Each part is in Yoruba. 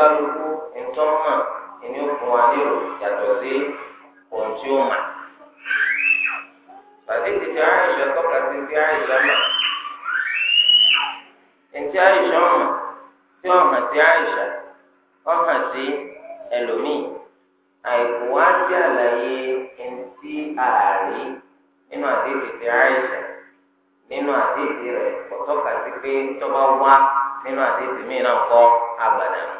oníkálukú ntọ́mà ẹni òkun wa nírò yàtọ̀ sí ohun tí ó mà. Bàdéjì ti àìsàn tọ́ka sí ti àìsàn mà. Ẹ̀ntì àìsàn mà tí ó hàn sí àìsàn ó hàn sí ẹlòmíì. Àìkú wá sí àlàyé ẹ̀ntì ààrí nínú àdéjì ti àìsàn nínú àdéjì rẹ̀ kò tọ́ka sí pé tọ́ba wá nínú àdéjì mìíràn kọ́ àgbàdàn.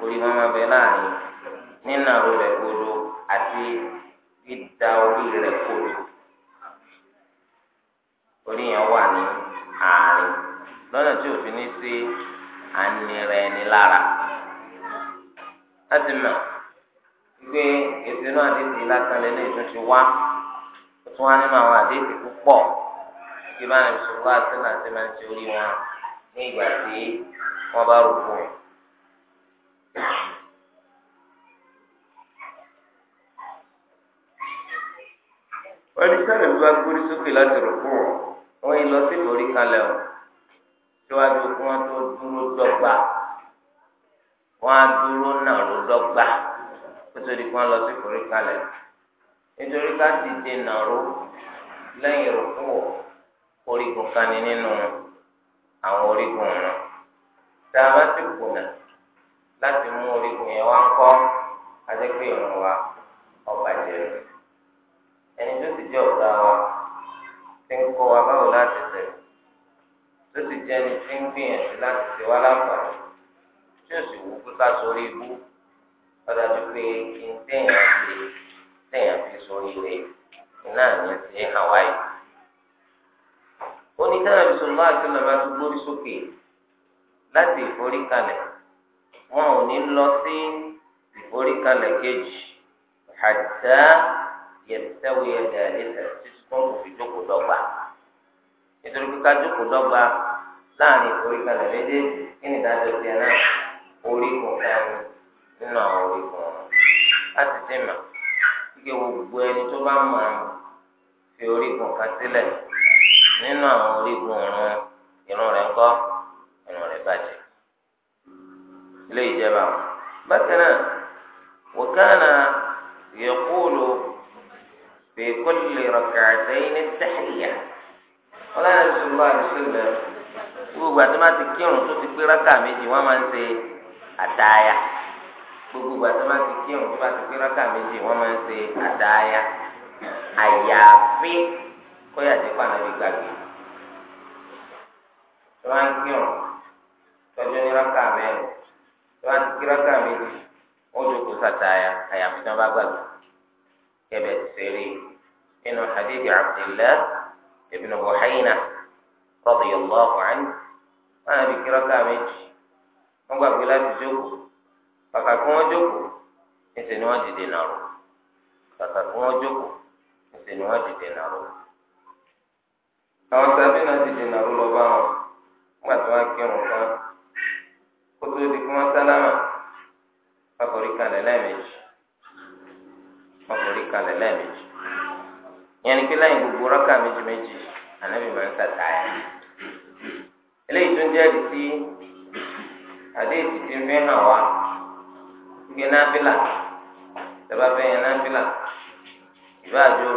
orí wọn máa bẹ láàrin nínà rẹ kodo àti dídá orí rẹ kodo orí yẹn wà ní àárín lọ́nà tí òfin ní sí ànira ẹni lára láti mọ̀ pé ètò náà àdéhùn lásán lẹ́nu ìtúnṣe wá ó tún wá nínú àwọn àdéhùn púpọ̀ kí bá ní sọ̀rọ̀ àti náà ti máa ń ṣe orí wọn ní ìgbà tí wọ́n bá rò fún wọ́n ti sẹ́ni bí wọ́n gbórí sókè láti rò fún wọn wọ́n yìí lọ sí ìforí kalẹ̀ o síwájú kí wọ́n tó dúró dọ́gba wọ́n á dúró náà ló dọ́gba kó di kí wọ́n lọ sí ìforí kalẹ̀ nítorí ká dìde nàró lẹ́yìn rò fún wọn orígun kan ní nínú àwọn orígun wọn tá a bá ti kùnà. láti mú orígun yẹn wá ń kọ́ adékè ìrùn wa ọba ẹni tó ti jẹ ọ̀gá wa ti ń wa báwo láti tó ti jẹ ẹni tí ń gbìyànjú láti tẹ̀ wá láǹfààní tí ó sì wù kó ká sórí ibú ọ̀dájú pé kí n téèyàn fi téèyàn fi sórí rẹ̀ iná ti Hawaii wọn ò ní lọ sí oríkalẹ̀ kejì hatta yẹtẹwé ẹ̀dá ẹ̀dá títí wọn kò fi jókòó dọ́gba nítorí kíka jókòó dọ́gba láàrin oríkalẹ̀ méjèèjì kí ni ìdájọ́ tiẹ̀ náà orígun kan nínú àwọn orígun wọn láti dì mà kíkẹ́ gbogbo ẹni tó bá mọ̀ ọ́n fi orígun kan sílẹ̀ nínú àwọn orígun ọ̀run ìrun rẹ̀ ń kọ́ ìrun rẹ̀ bàjẹ́ ilé ìjẹba bákan náà wòkánà yẹkúlù fèkúlì rọkàtẹ́yìn ní tẹ́hìyà ọlọ́run ṣùgbọ́n àdìsílẹ̀ gbogbo àti máa ti kírun tó ti pé rákà méjì wọ́n máa ń ṣe àtàyà gbogbo àti máa ti kírun tó máa ti pé rákà méjì wọ́n máa ń ṣe àtàyà àyàfi kóyà tí kò ànábi gbàgbé máa ń kírun tọ́jú ní rákà mẹ́rin ìwà ti kíráka méjì wọn jókòó sàtáyà àyàfi tí wọn bá gbàgbé kẹbẹ sẹrí nínú hadithi abdillah ibn buhayna radiyallahu anhu wọn àbí kíráka méjì wọn gbàgbé láti jókòó kàkà kí wọn jókòó níṣẹ ni wọn dìde nàró kàkà kí wọn jókòó níṣẹ ni wọn dìde nàró àwọn sábẹ́ náà dìde nàró lọ wọn wọn gbàgbé wọn kírun kan kótó di kí wọ́n sálámà ọkùnrin kalẹ̀ lẹ́ẹ̀mejì ọkùnrin kalẹ̀ lẹ́ẹ̀mejì yẹn ni pé lẹ́yìn gbogbo rákà méjì méjì ànábì máa ń sàtáyà eléyìí tó ń jẹ́ ẹ̀dí sí àdéhìí ti fi hàn wá gbé náfìlà tẹ́lá fẹ́ yẹn náfìlà ìbá àjòrò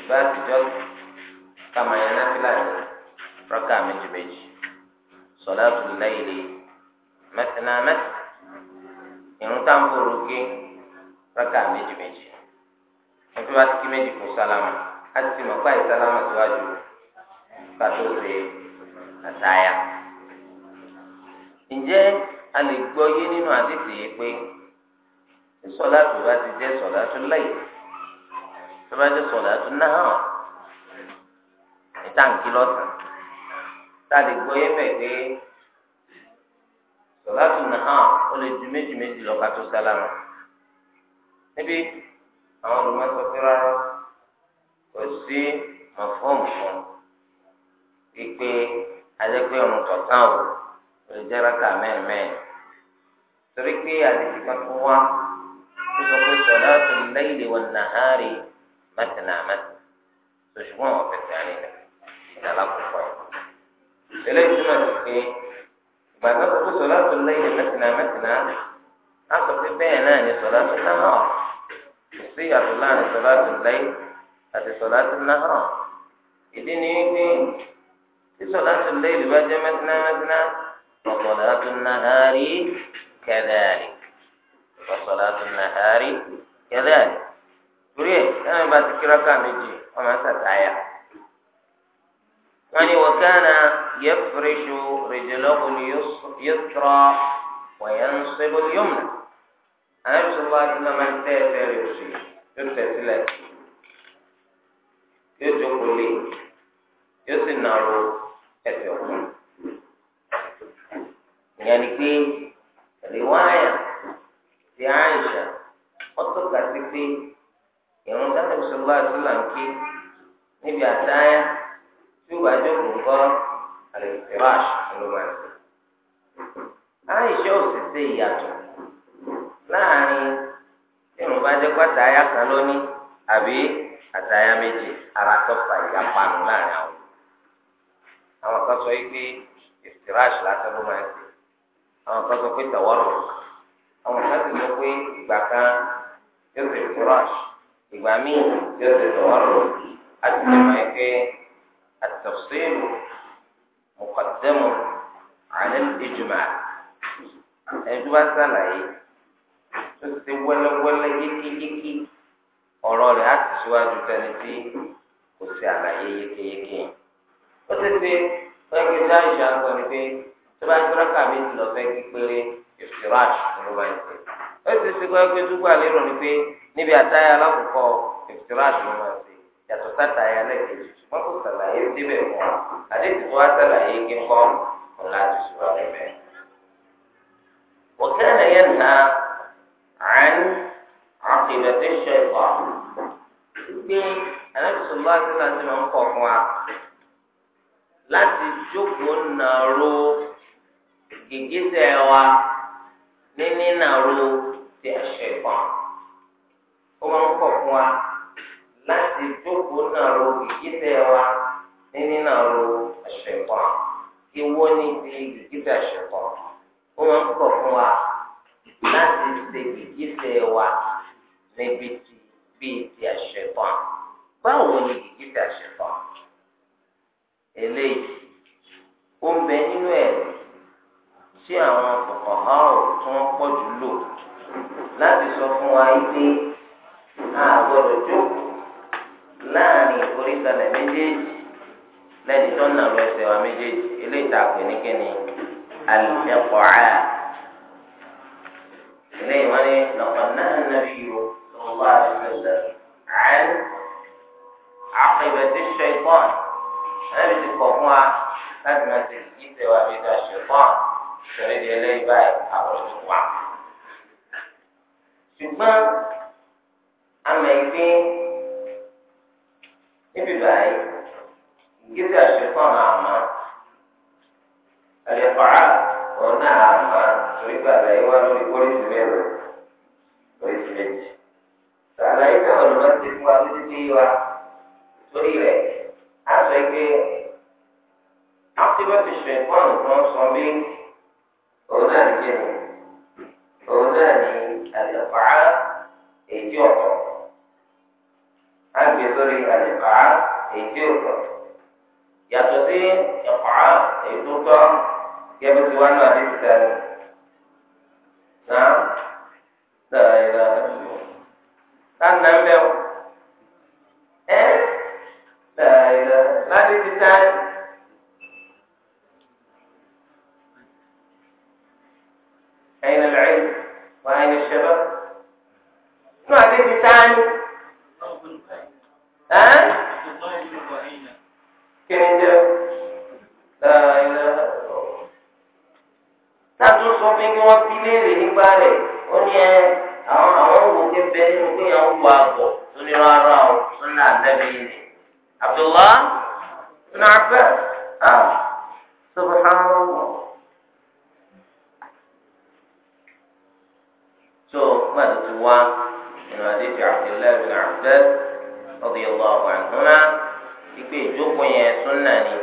ìbá àtijọ́ kàmá yẹn náfìlà rákà méjì méjì sọ̀dá tó lẹ́yìn lẹ́yìn. mẹtìnà mẹtì irun táǹbòrò rákà méjì ẹbí wa ti kí méjì fún sálámà á ti mọ̀ pé àìsálámà síwájú pàtó ṣe àtàyà. ǹjẹ́ a lè gbọ́ yé nínú àdìsí yìí pé sọlá tó bá ti jẹ́ sọlá tó lẹ́yìn tó bá jẹ́ sọlá tó náà ìtàǹkì lọ́sàn-án tá sọláàtù nàá ó lè ju méjì méjì lọ ká tó sálámà níbi àwọn olùmọ̀sọ pé rárá kò sí mọ̀fọ́ọ̀mù kan wípé adẹ́gbẹ́ ọ̀run tọ̀tàn ò lè jẹ́ rákà mẹ́ẹ̀mẹ́ẹ̀ torí pé àdìsí kan tó wá ó sọ pé sọláàtù láyli wan nàhárì mẹ́tìnà mẹ́tìnà ṣùgbọ́n ọ̀fẹ́ sẹ́yìn rẹ̀ ìdálàkùn fọ́ ẹ̀. eléyìí túmọ̀ sí pé gbàgbọ́ pé sọlá tó lẹ́yìn mẹ́tìnà mẹ́tìnà á sọ pé bẹ́ẹ̀ náà ni sọlá tó náà kò sí ìyàtọ̀ láàrin sọlá tó lẹ́yìn àti sọlá tó náà ìdí ni wípé tí sọlá tó lẹ́yìn bá jẹ́ mẹ́tìnà mẹ́tìnà sọlá tó náà rí kẹ́dàrí sọlá tó náà rí kẹ́dàrí torí ẹ̀ ẹ̀ ń bá ti kíráká méjì ọmọ ẹ̀ sàtáyà wọ́n ní wọ́kánà yẹ́fúrẹ́ṣù rẹ̀jẹ̀lọ́hùn yóò wọ̀nyẹn sẹ́gun yóò mú àyẹ̀sọ̀lá iná máa ń tẹ́ ẹsẹ̀ rẹ̀ sí yóò tẹ̀sílẹ̀ yóò jókòó lé yóò sì nàró ẹsẹ̀ ọ̀hún. ìyẹn ni pé rìwáyà ti àìsà ọ̀tọ̀ kàti pé ìrún dáná ìṣọ̀lá àti làǹkì níbi àtàyà tí wàá jókòó ńkọ́ àlèkùtìmáṣ ọlọ́mọdé. àìṣe òṣìṣẹ́ ìyàtọ̀ láàrin tí mo bá jẹ́ pàtà ayá kan lónìí àbí àtàyà méjì ara tọ́fà ìyapanu láàrin àwọn. àwọn kan sọ wípé ìfìtìmáṣ lásán ló máa ń ṣe àwọn kan sọ pé tàwọ́rọ̀ àwọn kan sì sọ pé ìgbà kan yóò ṣe ìfìtìmáṣ ìgbà míì yóò ṣe tàwọ́rọ̀ àti ìgbà yẹn pé. التفصيل مقدم على الإجماع ẹjọba sàlàyé tó ti wẹlẹwẹlẹ yékéyéké ọ̀rọ̀ rẹ̀ á ti síwájú tẹni tí kò sí àlàyé yékéyéké ó ti ṣe ẹgbẹ́ tí àìsàn sọ ni pé tó bá gbọ́dọ̀ kàmí ti lọ fẹ́ kí péré ìfìràṣ ló bá ń ṣe ó ti ṣe gbọ́dọ̀ pé tó gbà lérò ni pé níbi àtàyà alákòókò ìfìràṣ ló bá ń ṣe yàtọ̀ sátàyà lẹ́ẹ̀kejì ṣùgbọ́n kò sàtàyà kì í síbẹ̀ fún wa àdéhùn wa sàlàyé kí n kọ́ ọ̀la ti sùrọ̀ níbẹ̀. وكان ينهى عن عقبة الشيطان pé anábìsọ̀ bá ti láti máa ń kọ̀ fún wa láti jókòó nàró gègésẹ̀ wa ní nínàró ti ẹ̀ṣẹ̀ kan. ó máa ń kọ̀ fún wa láti jókòó nàró gègésẹ̀ wa níní náà ro ẹ̀ṣẹ̀pọ̀ ìwọ ní ti gìgísẹ̀ ẹ̀ṣẹ̀pọ̀ ó máa ń pọ̀ fún wa láti ṣe gìgísẹ̀ wa níbi tí bíi ti ẹ̀ṣẹ̀pọ̀ báwo ni gìgísẹ̀ ẹ̀ṣẹ̀pọ̀ eléyìí ó ń bẹ nínú ẹ̀ tí àwọn ọ̀hán ò tún pọ̀ jù lò láti sọ fún wa pé a gbọ́dọ̀ jókòó láàrin ìforíkalẹ̀ méjèèjì lẹ́ni tó ń nà lọ ẹsẹ̀ wa méjèèjì eléyìí tá a pè ní kíni alẹ́kọ̀ọ́á eléyìí wọ́n ní lọ́kàn náà ń nàbí yìí tó wà lọ́sẹ̀ àn àkìbẹ̀tì ṣẹ̀kọ́n ẹ̀rì ti kọ̀ fún wa láti máa ti ìṣẹ̀ wa bí ká ṣẹ̀kọ́n sọ̀rọ̀ di eléyìí báyìí àwọn ti wà. ṣùgbọ́n àmọ̀ ìpín níbi báyìí kíkẹ́ àṣekọ́ àmà àlẹ́fàá ọ̀nà àmà torí gbàgbà yìí wá lórí pólísì mẹ́rin pólísì méjì. Àlàyé náà lọ́wọ́ ti fún wa títí tí wa torí rẹ̀ á sọ pé àtibọ́tì ṣèkọ́ nǹkan sọ bí òun náà ní kíni òun náà ní àlẹ́fàá èyí ọ̀tọ̀. Á gbé sórí àlẹ́fàá èyí ọ̀tọ̀ yàtọ̀ sí ẹ̀kọ́ èyí tó tọ́ gẹ́gẹ́ bí wọ́n náà ti sẹ́yìn. Náà sẹ́yìn náà. Táà nà ń bẹ̀rù. anhuma ìpè ìjókòó yẹn súnà ni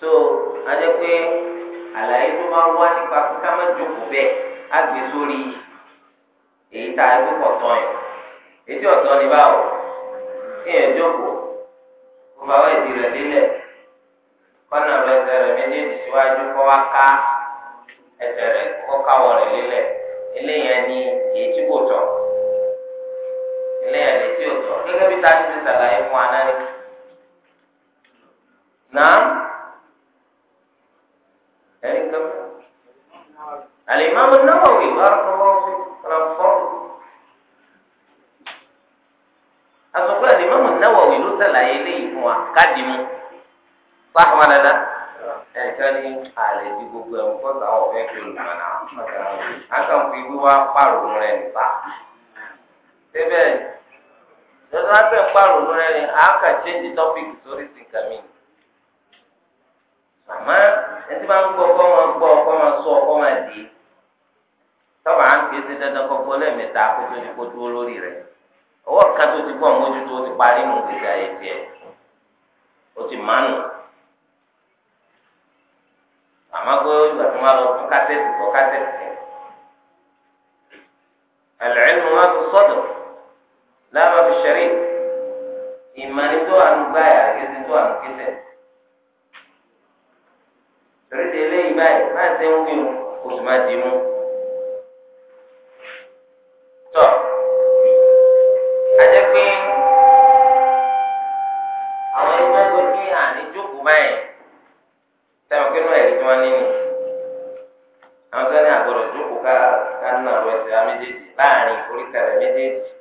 so ajẹ́ pé àlàyé tó máa wá nípa kíkà má jókòó bẹ́ẹ̀ á gbé sórí èyí tá a gbé pọ̀ tán yìí èyí tí ọ̀tọ̀ ni báwo kéèyàn jókòó kó bá wá ìdí rẹ̀ lélẹ̀ kọ́nà rẹ̀ ẹsẹ̀ rẹ̀ méjèèjì síwájú kọ́ wá ká ẹsẹ̀ rẹ̀ kọ́ káwọ̀ rẹ̀ lélẹ̀ eléyàn ni èyí tí kò tọ́ ilé ẹ̀rí tí ó tọ́ gẹ́gẹ́ bí táyì ti sàlàyé fún wa náà ni. Nàá ẹ̀rí nǹkan mọ́. Al-Imam An-Nawawi barakallahu fi ọ̀rọ̀ fọ́. Àsọ̀kọ́ Al-Imam An-Nawawi ló sàlàyé léyìí fún wa káàdì mu. Fáwọn àdàdà ẹ̀ka ní àlẹ́ tí gbogbo ẹ̀ ń kọ́ sáwọn ọ̀fẹ́ kí olùmọ̀ náà. Àkàǹfì wíwá pàrọ̀ rẹ̀ nípa. Débẹ̀ tẹsán bá fẹ́ pààrọ̀ lórí ẹni àákà change topic sórí sí kàmí. àmọ́ ẹtí bá ń gbọ́ kọ́ máa gbọ́ kọ́ máa sọ kọ́ máa dì í tọ́ba à ń pè é dandan kọ́kọ́ lẹ́ẹ̀mẹ́ta kótó rẹ̀ ọwọ́ kan tó ti gbọ́ mójútó ó ti parí nù gbèsè ayé tiẹ̀ ti àmọ́ ìgbà tó máa láàbà fi ṣẹ̀rí ìmọ̀ni tó àánú gbáyà kéde tó àánú kéde. Sọ̀rọ̀dì eléyìí báyìí máa ṣe ń wíwú oṣù máa dì í mú. Tọ́ ajẹ́ pé àwọn ẹgbẹ́ tó ní àní jókòó báyìí táwọn pé náà ẹ̀rí tí wọ́n ní nì. Àwọn kan ní àgbọ̀dọ̀ jókòó ká ká nínú àwọn ẹsẹ̀ méjèèjì láàrin oríkàlẹ̀ méjèèjì.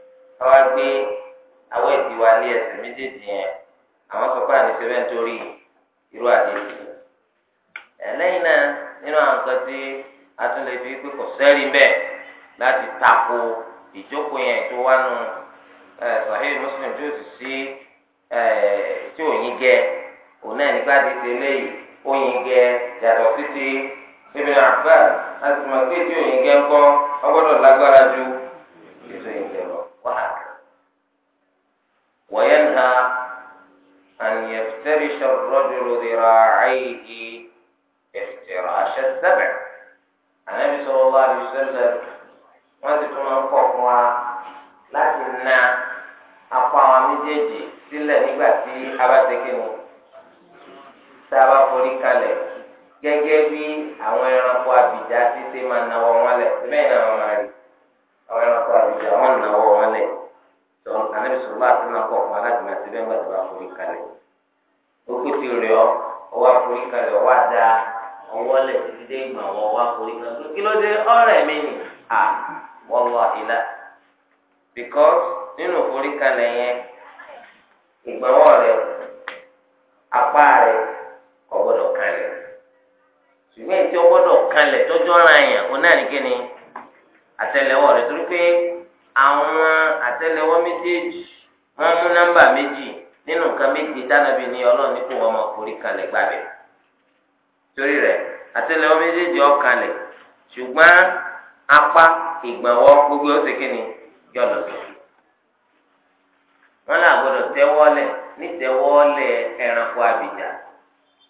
ìfọwọ́lẹ̀ ẹranko àbìjà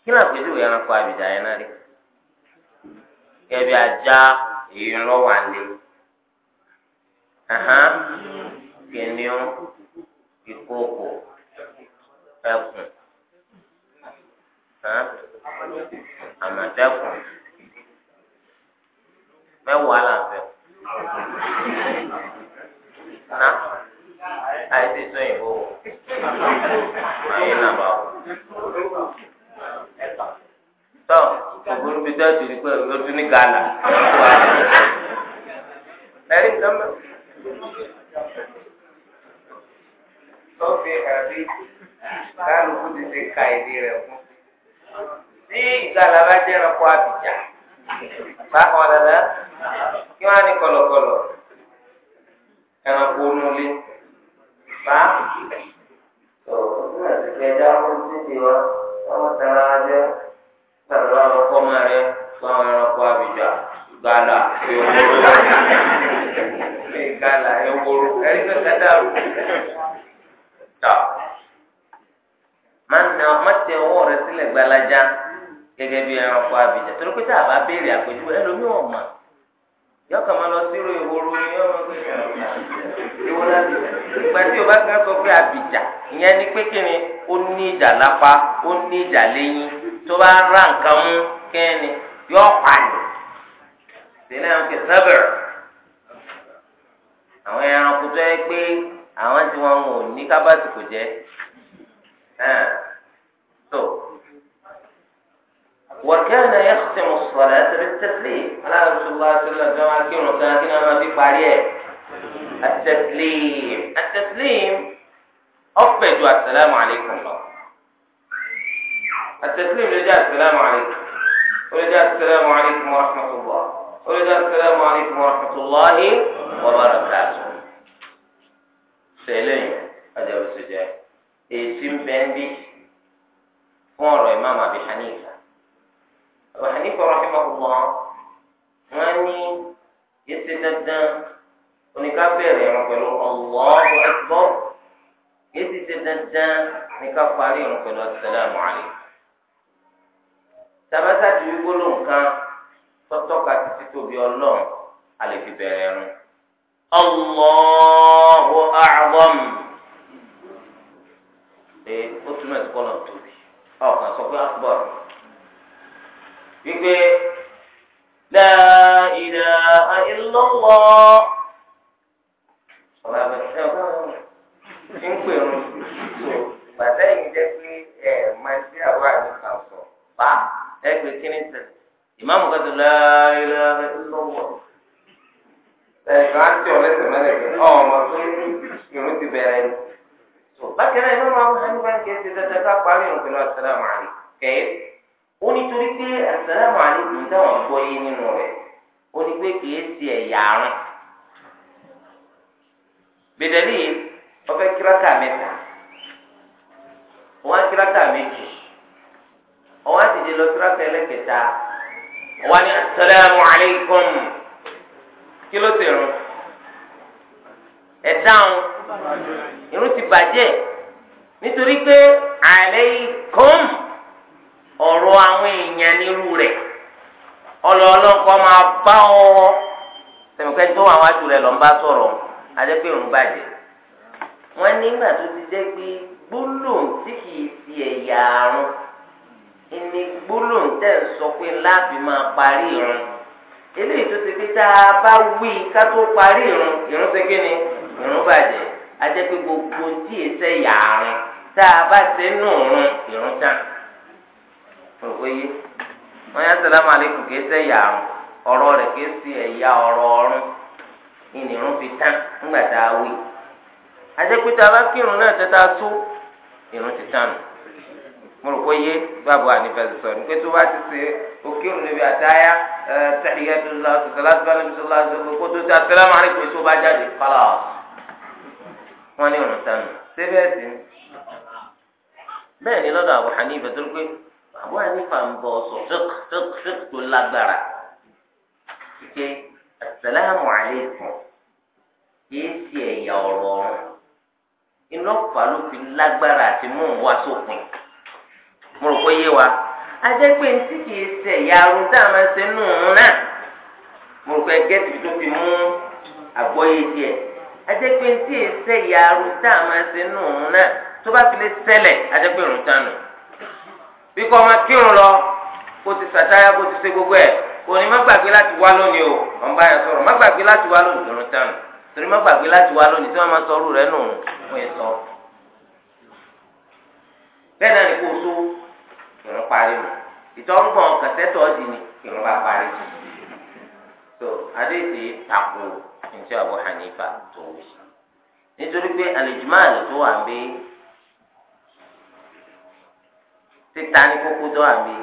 kí ni àpèjúwe ẹranko àbìjà yẹn náà rí kẹbi ajá èyí ńlọ́wọ́ àlè kìnìún ìkookò ẹkùn àmọ̀tẹ́kùn mẹ́wàá là àìsí sọ ìbò ẹ̀yìn nàbà tọ ògbóró bíi tẹ́ tìrì pé o tún ní Ghana ẹ̀rí nǹkan mẹ́. tó fi hàn bí kálukú ti ṣe ka ìdí rẹ̀ fún tí ìgalà bá jẹ́ ẹranko àbíjà bákan ọ̀dàdà kí wọ́n á ní kọ̀lọ̀kọ̀lọ̀ ẹranko onúlé máa tó nígbà tí kẹ dáwọ́ títí wa ọmọ tara jẹ tàbí wà lọ kọ́ máa rẹ fún àwọn ẹranko àbíjà gbala ewúro gbala ewúro ẹni tó ti dàrú tà má tẹ ọwọ́ rẹ sílẹ̀ gbalaja gẹ́gẹ́ bí ẹranko àbíjà torí pé tá a bá béèrè àpèjúwe ẹlòmíràn mọ̀. yọ kàn máa lọ sírò ìhoro ni yọ máa gbé ìwọ láti ìgbà tí o bá gbà sọ pé àbìjà ìyẹn ni pé kí ni ó ní ìjà lápá ó ní ìjà lẹ́yìn tó bá ra nǹkan mú kẹ́ni yọ pààyàn sílẹ̀ ń fi àwọn ẹranko tó yẹ pé àwọn tí wọn ò ní kábàtì kò وكان يختم الصلاة بالتسليم أنا رسول الله صلى الله عليه وسلم جمع الكيم وكان كنا ما في فعليه التسليم التسليم أفضل السلام عليكم الله التسليم رجاء السلام عليكم ورجاء السلام عليكم ورحمة الله ورجاء السلام عليكم ورحمة الله وبركاته سلام هذا هو السجاء إيه سيم بندي إمام أبي حنيفة Abu Hanifa rahimahullah wọ́n ní yẹtí dandan oníkà bẹ̀rẹ̀ ìrun pẹ̀lú Allahu akbar yẹtí dandan oníkà parí pẹ̀lú nǹkan tóbi ọlọ́run fi bẹ̀rẹ̀ wípé la ilaha illallah ọ̀rọ̀ àbẹ̀sẹ̀ ọ̀rọ̀ ń pè ọ́n bàtà yìí jẹ́ pé ẹ̀ máa ṣe àwọn àdúgbò sọ bá ẹ pé kí ni sẹ ìmáàmù kan tó la ilaha illallah ẹ̀ kàn án tí ọ̀rẹ́ mẹ́lẹ̀ pé ọ̀ ọmọ tó irun ti bẹ̀rẹ̀ ni bákan náà ìmáàmù àwọn hànífà kìí ṣe dandan ká parí ìrùn pẹ̀lú àṣàlámù àlè kẹ́yẹ́ ó nítorí pé àsàlámù àlékún táwọn gbọ́ yé nínú rẹ̀ ó ní pé kìí ṣe ẹ̀yà àrùn bẹ̀dẹ̀lì ọ̀fẹ́ kíráka mẹ́ta ọ̀wá kíráka méjì ọ̀wá dìde lọ kíráka ẹlẹ́kẹta ọ̀wá ní àsàlámù àlékún kí ló ti rún ẹ̀dáhùn irun ti bàjẹ́ nítorí pé. wọn máa bá ọ tẹmẹkẹ tó àwọn àjò rẹ lọ ń bá sọ̀rọ̀ adẹpẹ òun bàjẹ́ wọn nígbà tó ti jẹ pé gbólóhùn tí kìí ti ẹ̀yà àrùn ìní gbólóhùn tẹ̀ ń sọ pé láàbì máa parí ìrun eléyìí tó ti pé tá a bá wí ká tó parí ìrun ìrun ṣe kí ni ìrun bàjẹ́ adẹ́ pé gbogbo tí èsẹ̀ yàrá tá a bá ṣe nù rún ìrún tán. Òwe wọ́n yá sàlámù àlékún kì í ṣe ọ̀rọ̀ rẹ̀ kìí ṣe ẹ̀yà ọ̀rọ̀ ọ̀run ìnìrún fi tán ńgbà tá a wí. àjẹpẹ́tà bá kírun náà tẹ́tà tó ìrún ti tán nù. mo rò pé yé bàbá ànífẹ̀sẹ̀ sọ̀rọ̀ nígbà tó bá ti ṣe òkèrún níbi àtáyà tẹ̀lẹ́yà tó lọ sọ̀tẹ̀ láti bá lẹ́nu sọ̀rọ̀ láti sọ̀rọ̀ kó tó ṣe àtẹ́lẹ́ máa rí pé tó bá jáde kọ́lá wọn ní ìrún tán nù. sẹ́fẹ̀ẹ́sì bẹ́ẹ̀ ni lọ́dọ̀ Abu tó ń pé Abu Hanifa bọ̀ sọ̀ tó lágbára. pé asalaamu aleykum kìí ṣe ẹ̀yà ọ̀rọ̀ ọ̀run inú ọ̀fà ló fi lágbára àti mú wá sópin mo rò pé yé wa ajẹ́ pé ntí kìí ṣe ẹ̀yà arun tá a máa ṣe nù un náà mo rò pé gẹ́tì tó fi mú àgbọ́yé díẹ̀ ajẹ́ pé ntí kìí ṣe ẹ̀yà fi lè pé bí kò máa ti kó ti ṣe gbogbo ẹ̀. òní má gbàgbé láti wá lónìí o wọn bá yẹn sọ̀rọ̀ má gbàgbé láti wá lónìí lọ́rùn tán torí má gbàgbé láti wá lónìí tí wọn máa sọ̀rọ̀ rẹ nù wọn yẹn sọ. bẹ́ẹ̀ náà ni kò so ìrún parí mu ìtọ́ngbọ̀n kẹsẹ́tọ̀ ọ̀dì ni ìrún bá parí mu. tó adéṣe tako ntí Abu Hanifa tó wù sí. nítorí pé alìjùmáàlì tó wà ń bí títa ní kókó tó wà bí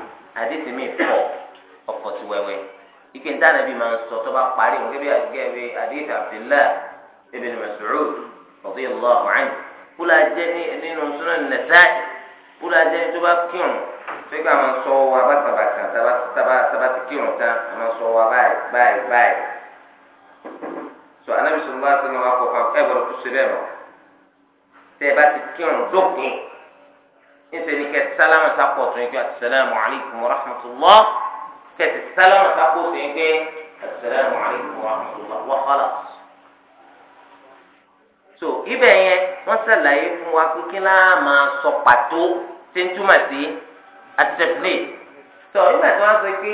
adéṣe mi fọ̀ ọkọ ti wẹwẹ ike n tànà bí máa ń sọ tó bá parí wọn gẹ́gẹ́ gẹ́gẹ́ adéhìí Abdullah ibn Mas'ud radiyallahu anhu kúlà jẹ nínú Sunan Nasa'i kúlà jẹ tó bá kírun sọgbà àwọn sọ wa bàtàbàtà tàbá ti kírun tán àwọn sọ wa báyìí báyìí báyìí sọ anabi sọ wá sí ni wọn kọ fún ẹ gbọ́dọ̀ tó ṣe bẹ́ẹ̀ mọ́ tẹ ẹ bá ti kírun dókun níṣẹ ni kẹ sálámù sápọ̀ tó ń kí assalamu alaykum wa rahmatullah kẹsì sálámà sáko sí ń pé asalaamu alaykum wa rahmatulah wa khalas. so ibẹ̀ yẹn wọ́n ṣàlàyé fún wa pé kí náà máa sọ pàtó tí ń túmọ̀ sí atẹ́fúlẹ̀. so ibà tí wọ́n sọ pé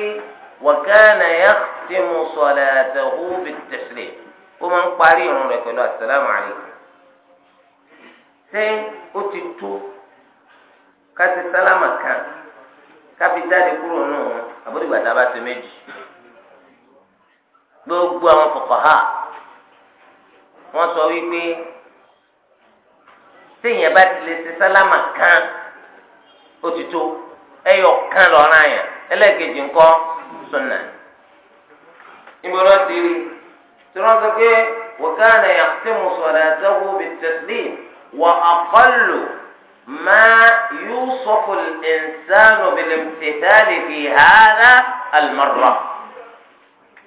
wàkánà yá ti mú sọ̀rọ̀ àtẹ̀hú bí tẹ̀sílẹ̀ ó máa ń parí ìrun rẹ̀ pẹ̀lú asalaamu alaykum. ṣé ó ti tó ká sálámà kan ká jáde kúrò náà wọn àbúrò ìgbà tá a bá ṣe méjì gbogbo àwọn fuqaha wọ́n sọ wípé téèyàn bá ti lè ṣe sálámà kan ó ti tó ẹyọ kan lọ́ra yẹn ẹlẹ́ẹ̀kejì ńkọ́ sunna níbo ti rí tí wọ́n sọ pé wa kana yaqtimu salatahu bit-taslim wa aqallu. ما يوصف الإنسان بالامتثال في هذا المرة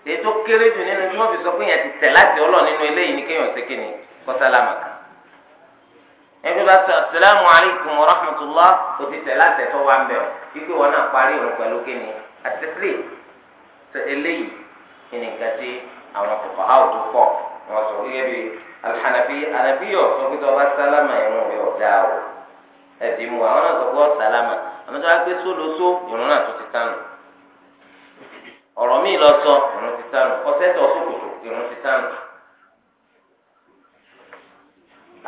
ètò kéré jù nínú tí wọn fi sọ pé yẹn ti tẹ láti Ọlọ́run nínú eléyìí ni kéèyàn ṣe kéèyàn kọ sálámà kan ẹgbẹ bá sọ asalaamu alaykum wa rahmatulah o ti tẹ láti ẹtọ wa ń bẹ o wípé wọn náà parí òun pẹ̀lú kéèyàn àtẹsílẹ sọ eléyìí kí ni nǹkan tí àwọn kòkò àwòtó pọ wọn sọ wípé bí alhànàbí alhànàbí yọ sọ pé tí wọn bá sálámà ẹ̀rọ rẹ ọ̀dà o ẹbí mu àwọn náà sọgbọ sálámà àmọ́ tó wá gbé sólóso ìrún náà tó ti tánu ọ̀rọ̀ míì lọ sọ ìrún ti tánu ọsẹtọ sókòtò ìrún ti tánu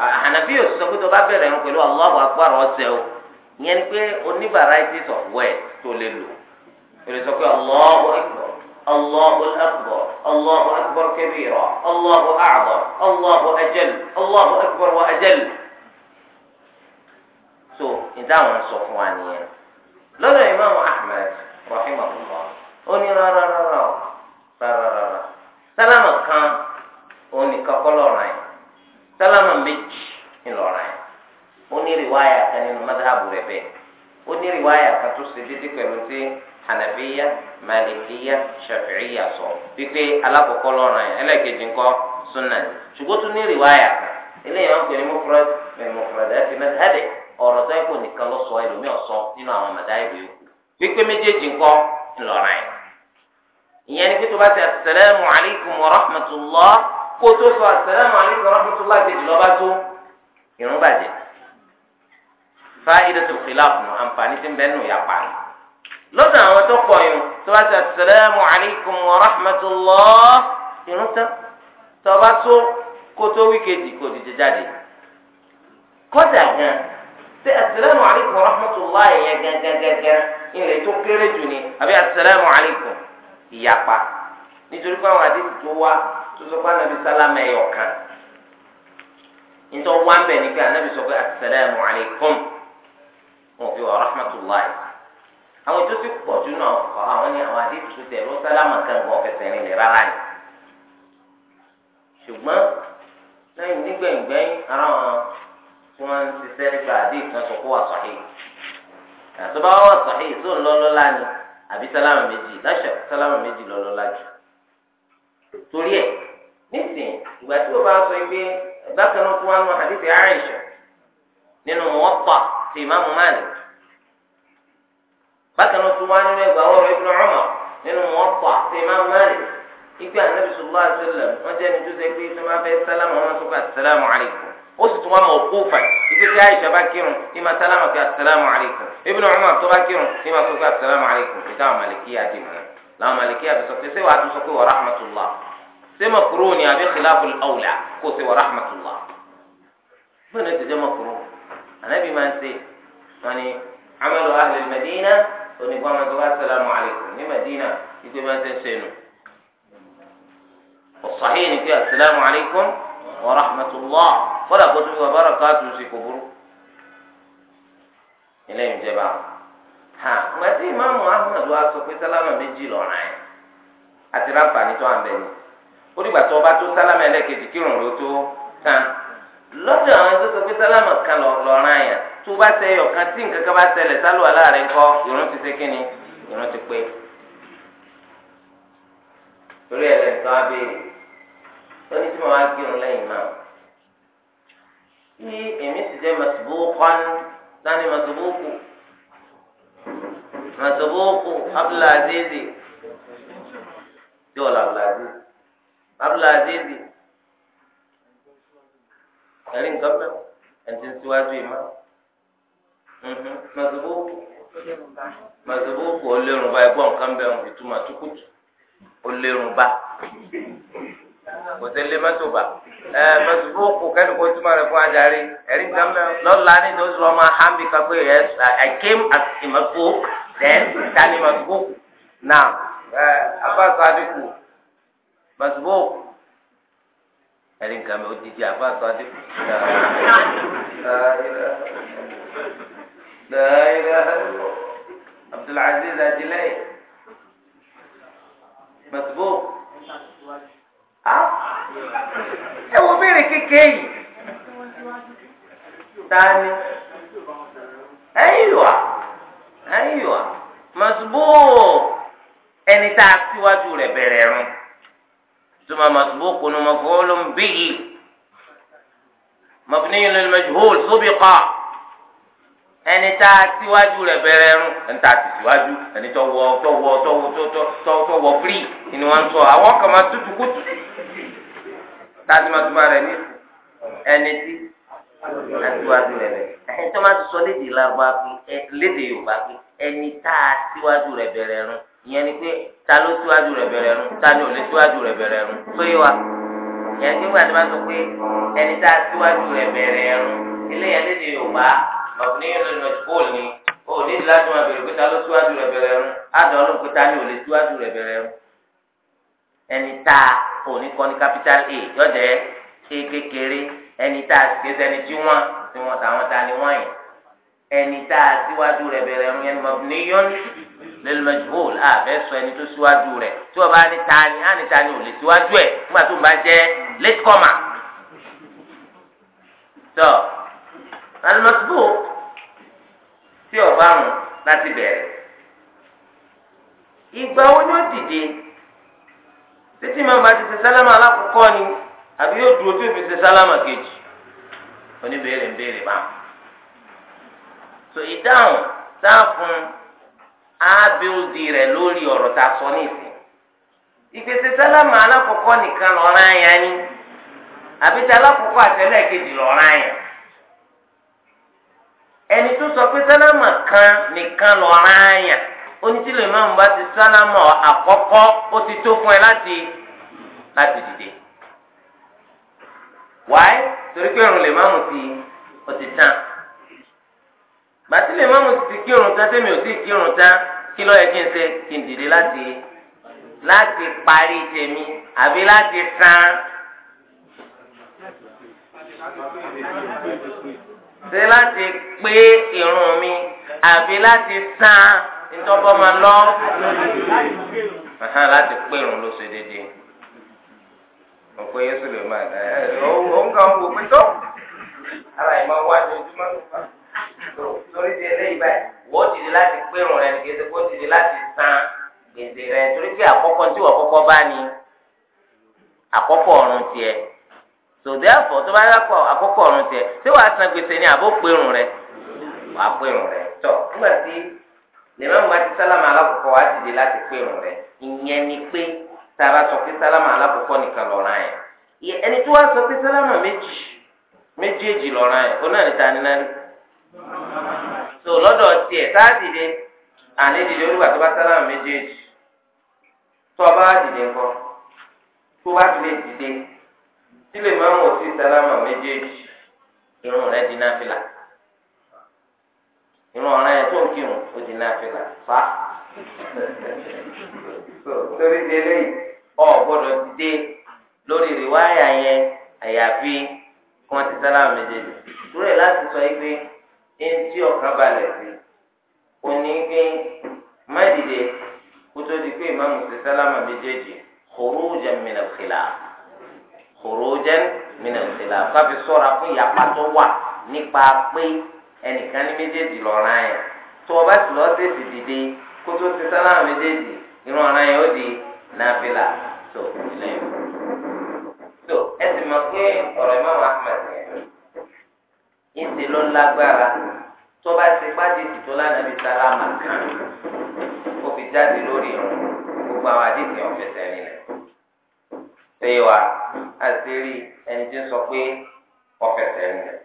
àhànàbí yóò sọ pé tó bá bẹ̀rẹ̀ ń pẹ̀lú Allahu Akbar ọ̀sẹ̀ o ìyẹn ni pé oníbàráìtìs of word tó lè lò èrè sọ pé Allahu Akbar Allahu Akbar Allahu Akbar kabira Allahu a'zam Allahu ajal Allahu ìdáhùn sọ fún wa nìyẹn lọ́dọ̀ imaamu ahmed rahimahullah ó ní rárá rárá o sálámà kan onika nìkan kọ́ lọ́ọ̀rọ̀ sálámà méjì ńlọrọ̀ yẹn ó ní kan nínú madhabu rẹ̀ bẹ́ẹ̀ ó kan tó ṣe hanabiya malikiya shafi'iya sọ wípé alákọ̀ọ́kọ́ lọ́ọ̀rọ̀ yẹn ẹlẹ́ẹ̀kejì ńkọ́ sunna ṣùgbọ́n tún ní kan eléyìí wọn pè ní ọ̀rọ̀ tó ẹ̀kọ́ nìkan ló sọ ẹlòmíì ọ̀sọ́ nínú àwọn màdáìbò yòókù wípé méjèèjì ńkọ́ ńlọrọ̀ ẹ̀ ìyẹn ni pé tó bá ti asalaamu alaykum wa rahmatulah kó tó sọ asalaamu alaykum wa rahmatulah kejì lọ́ba tó irun bàjẹ́ fa'idatul khilaf nù àǹfààní tí ń bẹ́ẹ̀ nù yà pààyè àwọn tó pọ̀ yìí tó bá ti asalaamu alaykum wa rahmatulah irun tán tọ́ba tó kó tó wí kejì kò dìde jáde kọ́dà gan ṣé asalaamu alaykum wa rahmatulahi yẹn gángangangan ìrìn tó kéré jù ni àbí asalaamu alaykum ìyapa nítorí pé àwọn àdéhùn tó wá tó sọ pé anabi sálámà ẹ̀yọ̀ kan nítorí wá bẹ̀ ni pé anabi sọ pé asalaamu alaykum wọn fi wà rahmatulahi àwọn ètò sì pọ̀ jù náà kọ́ àwọn ní àwọn àdéhùn tó tẹ̀ ló sálámà kan gbọ́ fẹsẹ̀ rìn lè rárá ṣùgbọ́n lẹ́yìn nígbẹ̀ngbẹ́yìn ara wọn. tí wọ́n ń ṣiṣẹ́ nípa àdéhùn kan sọ wà sọ̀hìn àti wà sọ̀hìn tó ń ni àbí sálámà méjì láṣà sálámà méjì torí ẹ̀ nísìn ìgbà tí o bá sọ pé bákan náà tó wà nù àdéhùn Àìṣà nínú Muwatta ti Ìmáàmù Malik bákan náà tó wà nínú ẹgbàá ọ̀rọ̀ Ibn Umar nínú Muwatta ti Ìmáàmù Malik sallallahu alaihi ó sì tún wá mọ̀ kó fà ike tí àyíṣà bá kírun ní ma sálámà pé asalaamu aleykum ibn umar tó bá kírun ní ma sọ pé asalaamu aleykum ìta àwọn malikiya dì mọ́ làwọn malikiya fi sọ pé ṣé wàá tún sọ pé wà rahmatulah ṣé ma kúrò ní àbí khilafu awla kó ṣe wà rahmatulah bẹ́ẹ̀ ni tẹ̀jẹ́ ma kúrò anabi máa ń ṣe wọn ni amalu ahli madina onígbà máa sọ pé asalaamu aleykum ní madina ìgbé máa ń ṣe ń ṣe nù. والصحيح ان فيها السلام عليكم wa rahmatullah kódà kó tún wà barakatuh sí kò burú ilé ìjẹba ha gbàtí ìmáàmù ahmed wa sọ pé sálámà méjì lọ́ra ẹ̀ àti ráǹfààní tó à ń bẹ̀ ni ó dìgbà tó ọba tó sálámà ẹlẹ́kejì kírun ló tó tán lọ́dọ̀ àwọn tó sọ pé sálámà kan lọ́ra ẹ̀ tó bá tẹ ọ̀kan tí nǹkan kan bá tẹlẹ̀ sálùwà láàrin kọ́ ìrún ti ṣe kí ni ìrún ti pé torí ẹ̀ lẹ́nu tó wá béèrè ẹni tí màá kírun lẹ́yìn máa tí èmi sì jẹ́ màtìbókan dání màtìbókù màtìbókù abúlàdéèdè yóò lọ abúlàdé abúlàdéèdè ẹ̀rí nǹkan bẹ́ẹ̀ ẹni tí ń síwájú ìmọ̀ màtìbókù màtìbókù olérùnba ẹgbọ́n kan bẹ́ẹ̀ ìtumọ̀ tukutu olérùnba. kò sí lé mọ́tò bá ẹ mọ́tò bó kù kẹ́ni kò túmọ̀ rẹ̀ fún ajarí ẹ̀rí nǹkan mẹ́rin lọ́la ní ìdó sọ̀rọ̀ máa hàn bí kápẹ́ yẹ I came as a mọ́tò tani mọ́tò now ẹ abáṣọ adínkù mọ́tò ẹ̀rí nǹkan mẹ́rin odidi abáṣọ adínkù. Abdulaziz Adilai. مسبوق ẹ wo béèrè kékeré yìí tani ẹ̀yìn wa ẹ̀yìn wa masubo ẹni tá a síwájú rẹ̀ bẹ̀rẹ̀ rún tuma masubo kunu maf'ulun bihi mabniyyun lil majhul subiqa ẹni tá a síwájú rẹ̀ bẹ̀rẹ̀ rún ẹni tá a ti síwájú ẹni tó wọ tó wọ tó wọ tó tó tó wọ firi ni wọn sọ àwọn kama tutu kutu tásímàtúmà rẹ̀ ní ẹni tí aṣíwájú rẹ̀ bẹ̀rẹ̀ ẹni tí wọ́n máa ti sọ léde Lárúbá pé léde Yorùbá pé ẹni tá a síwájú rẹ̀ bẹ̀rẹ̀ rún ìyẹn ni pé ta ló síwájú rẹ̀ bẹ̀rẹ̀ rún ta ni ò lè síwájú rẹ̀ bẹ̀rẹ̀ rún tó yé wa ìyẹn nígbà tí wọ́n sọ pé ẹni tá a síwájú rẹ̀ bẹ̀rẹ̀ rún eléyà léde Yorùbá ọ̀gbìn ìrìnà bóòlù ni ó ní ìdílájú rẹ̀ bẹ̀rẹ̀ pé ta ló síwájú rẹ̀ bẹ̀rẹ̀ rún á dọ̀ọ́ ẹni tá a ò ní kọ́ ní capital A yọ̀dẹ̀ ṣe kékeré ẹni tá a ké sẹ́ni tí wọ́n tí wọ́n táwọn ta ni wọ́n yẹn ẹni tá a síwájú rẹ̀ bẹ̀rẹ̀ ń yẹn mabniyun lil majhul àbẹ̀ sọ ẹni tó síwájú rẹ̀ tí wọ́n bá ní ta ni á ní ta ni ò lè síwájú ẹ̀ nígbà tó ń bá jẹ́ late comer tọ́ alimọ̀tìbò tí ọ̀bá rùn láti bẹ̀rẹ̀ ìgbà wo ni ó dìde. títí ma bá ti ṣe alákọ̀ọ́kọ́ ni àbí yóò dúró tí òfin ṣe sálámà kejì oníbèrè ń béèrè bá. so ìdáhùn sáfún ábíòdì rẹ̀ lórí ọ̀rọ̀ tá a sọ nìsín. ìpèsè sálámà alákọ̀ọ́kọ́ nìkan lọ́ọ́rọ́ àyà ni àbí tí alákọ̀ọ́kọ́ àtẹ́lẹ̀ kejì lọ́ọ́rọ́ àyà. ẹni tó sọ pé kan nìkan onítìlẹ̀ máa ń bá ti sálámọ̀ àkọ́kọ́ ó ti tó fún ẹ láti láti dìde. wáyé torí pé ìrùn lè máa mú ti ó ti tán. bàtí lè máa mú ti kírun tán tẹ́mi ò tí ì kírun tán kí lọ́ọ́ yẹ kí n ṣe kí n dìde láti láti parí tèmi àbí láti san. ṣé láti pé ìrùn mi àbí láti san ìtọ́bọ̀ máa lọ láti pèrún ló ṣe déédéé mo pé yéṣu lè máa dá ẹ òun kan wò pé tó ara ìmọ̀ wá lójúmọ́ nípa torí ti eléyìí báyìí wọ́n ti di láti pèrún rẹ̀ nìkan ṣe kó ti di láti san gbèsè rẹ̀ torí pé àkọ́kọ́ tí wọ́n kọ́kọ́ bá ní àkọ́kọ́ ọ̀run tiẹ̀ tòdé àfọ̀ tó bá dákọ̀ àkọ́kọ́ ọ̀run tiẹ̀ tí wàá san gbèsè ní àbó pèrún rẹ̀ wàá pèrún rẹ̀ tọ̀ nígbà tí lèmọ́mù bá ti sálámà alákọ̀ọ́kọ́ wá ti di láti pé òun rẹ̀ ìyẹn ni pé tá a bá sọ pé sálámà alákọ̀ọ́kọ́ nìkan lọ́ra yẹn ẹni tó wá sọ pé sálámà méjì méjèèjì lọ́ra yẹn ó náà níta nínú ẹni. tó lọ́dọ̀ tiẹ̀ tá a dìde àní dìde olúwa tó bá sálámà méjèèjì tó o bá dìde ńkọ́ tó o ti lè dìde tí lèmọ́mù ò sí sálámà méjèèjì irun rẹ̀ di náà fìlà ìrún ọ̀ràn yẹn tó ń kírun ó di náà fi là fa torí délé ọ gbọ́dọ̀ dé lórí rìwáyà yẹn àyàfi kí wọn ti sálà méjèèjì dúró láti sọ yìí pé ẹni tí ọkàn balẹ̀ sí òní gbé má dìde kótó di pé ìmáàmù ti sálámà méjèèjì khurujan min al-khilaf khurujan min al-khilaf fún ìyapa tó wà nípa pé ẹnìkan ní méjèèjì lọ́ràn yẹn tó o bá ti lọ tètè dìde kó tó ti sálámà méjèèjì irun ọ̀ràn yẹn ó di nàfìlà tó ilẹ̀ tó ẹ sì mọ̀ pé ọ̀rọ̀ Imam Ahmad yẹn ìsì ló lágbára tó bá ti pàdéjì tó lánàbí sálámà kan ó fi jáde lórí irun gbogbo àwọn àdéhùn ọ̀fẹ́sẹ̀ nílẹ̀ pé wa àti rí ẹni tí ń sọ pé ọ̀fẹ́sẹ̀ nílẹ̀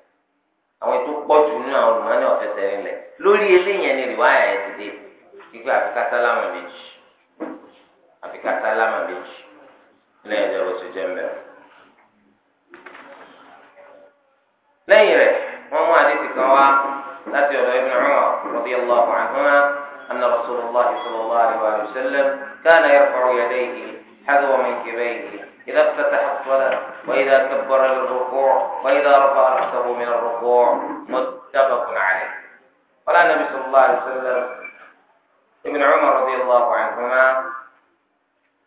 àwọn ètò pọ̀jù nínú àwọn olùmọ́ni ọ̀fẹ́sẹ̀ nílẹ̀ lórí eléyẹn ni rìwáyà ẹ̀ ti dé gbígbé àfikátá láwọn méjì àfikátá láwọn méjì lẹ́yìn ẹ̀jẹ̀ rò sí jẹ́mbẹ̀. lẹ́yìn rẹ̀ wọ́n mú àdéhùn kan wá láti ọ̀dọ̀ Ibn Umar radiyallahu anhuma anna Rasulullah sallallahu alayhi wa sallam kana yarfa'u yadayhi hadwa min kibayhi idha فإذا رفع رأسه من الركوع متفق عليه قال النبي صلى الله عليه وسلم ابن عمر رضي الله عنهما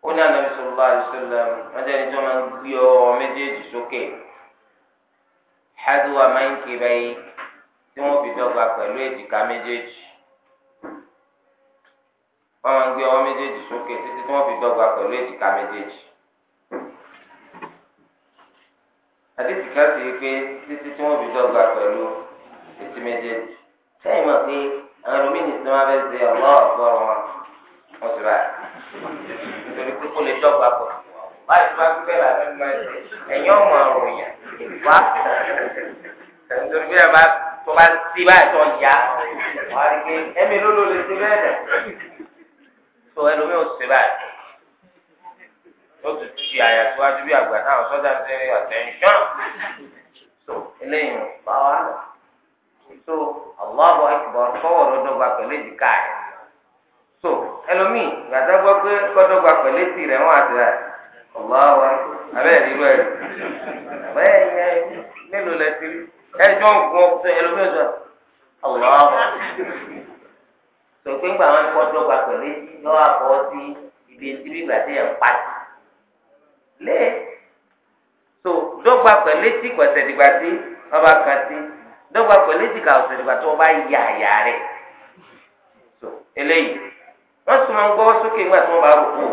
قلنا النبي صلى الله عليه وسلم مدني جمع يومي سوكي حذو منكبي tí wọn wọn máa ń gbé méjèèjì sókè títí tí wọn fi èjìká méjèèjì dọ́gba pẹ̀lú etí méjèèjì sẹ́yìn mọ̀ pé àwọn ẹlòmíín ti máa fẹ́ ṣe ọ̀rọ̀ ọ̀gbọ́n wọn wọ́n ti rà nítorí pé kó lè dọ́gba pọ̀ báyìí tó bá gbé làbẹ́ máa ṣe ẹ̀yìn ọmọ àrùn yẹn wá nítorí pé ẹ̀ bá tó bá ti báyìí tó yá wọ́n á rí pé ẹ̀mí ló lè ṣe bẹ́ẹ̀ dẹ̀ tó ẹlòmíín ò ṣe báyìí ó ti ti àyà síwájú bí àgbà náà sọ́jà ń ṣe àtẹ̀ńṣán. Allahu akbar sọ́wọ́ ló dọ́gba pẹ̀lú èjìká rẹ̀ so ẹlòmíì gbàtà gbọ́ pé kọ́dọ́gba pẹ̀lú ètì rẹ̀ wọ́n àti rẹ̀ Allahu akbar abẹ́ ìrírú ẹ̀ bẹ́ẹ̀ yẹn mélòó lẹ ti rí ẹjọ́ gun ọ̀sẹ̀ ẹlòmíì ọ̀sẹ̀ Allahu tó pé ńgbà wọn kọ́dọ́gba pẹ̀lú ètì lọ́wọ́ àkọ́ sí ibi etí bí gbàtẹ́ yẹn pàtì lẹ́ẹ̀ so dọ́gba pẹ̀lú ètì gbọ̀sẹ̀ dìgbà tí wọ́n bá kàn dọ́gba pẹ̀lú ìdìkà ọ̀sẹ̀ ìgbà tó o bá yà àyà rẹ̀ tó eléyìí wọ́n sì máa ń gbọ́ sókè ńgbà tó o bá rò kú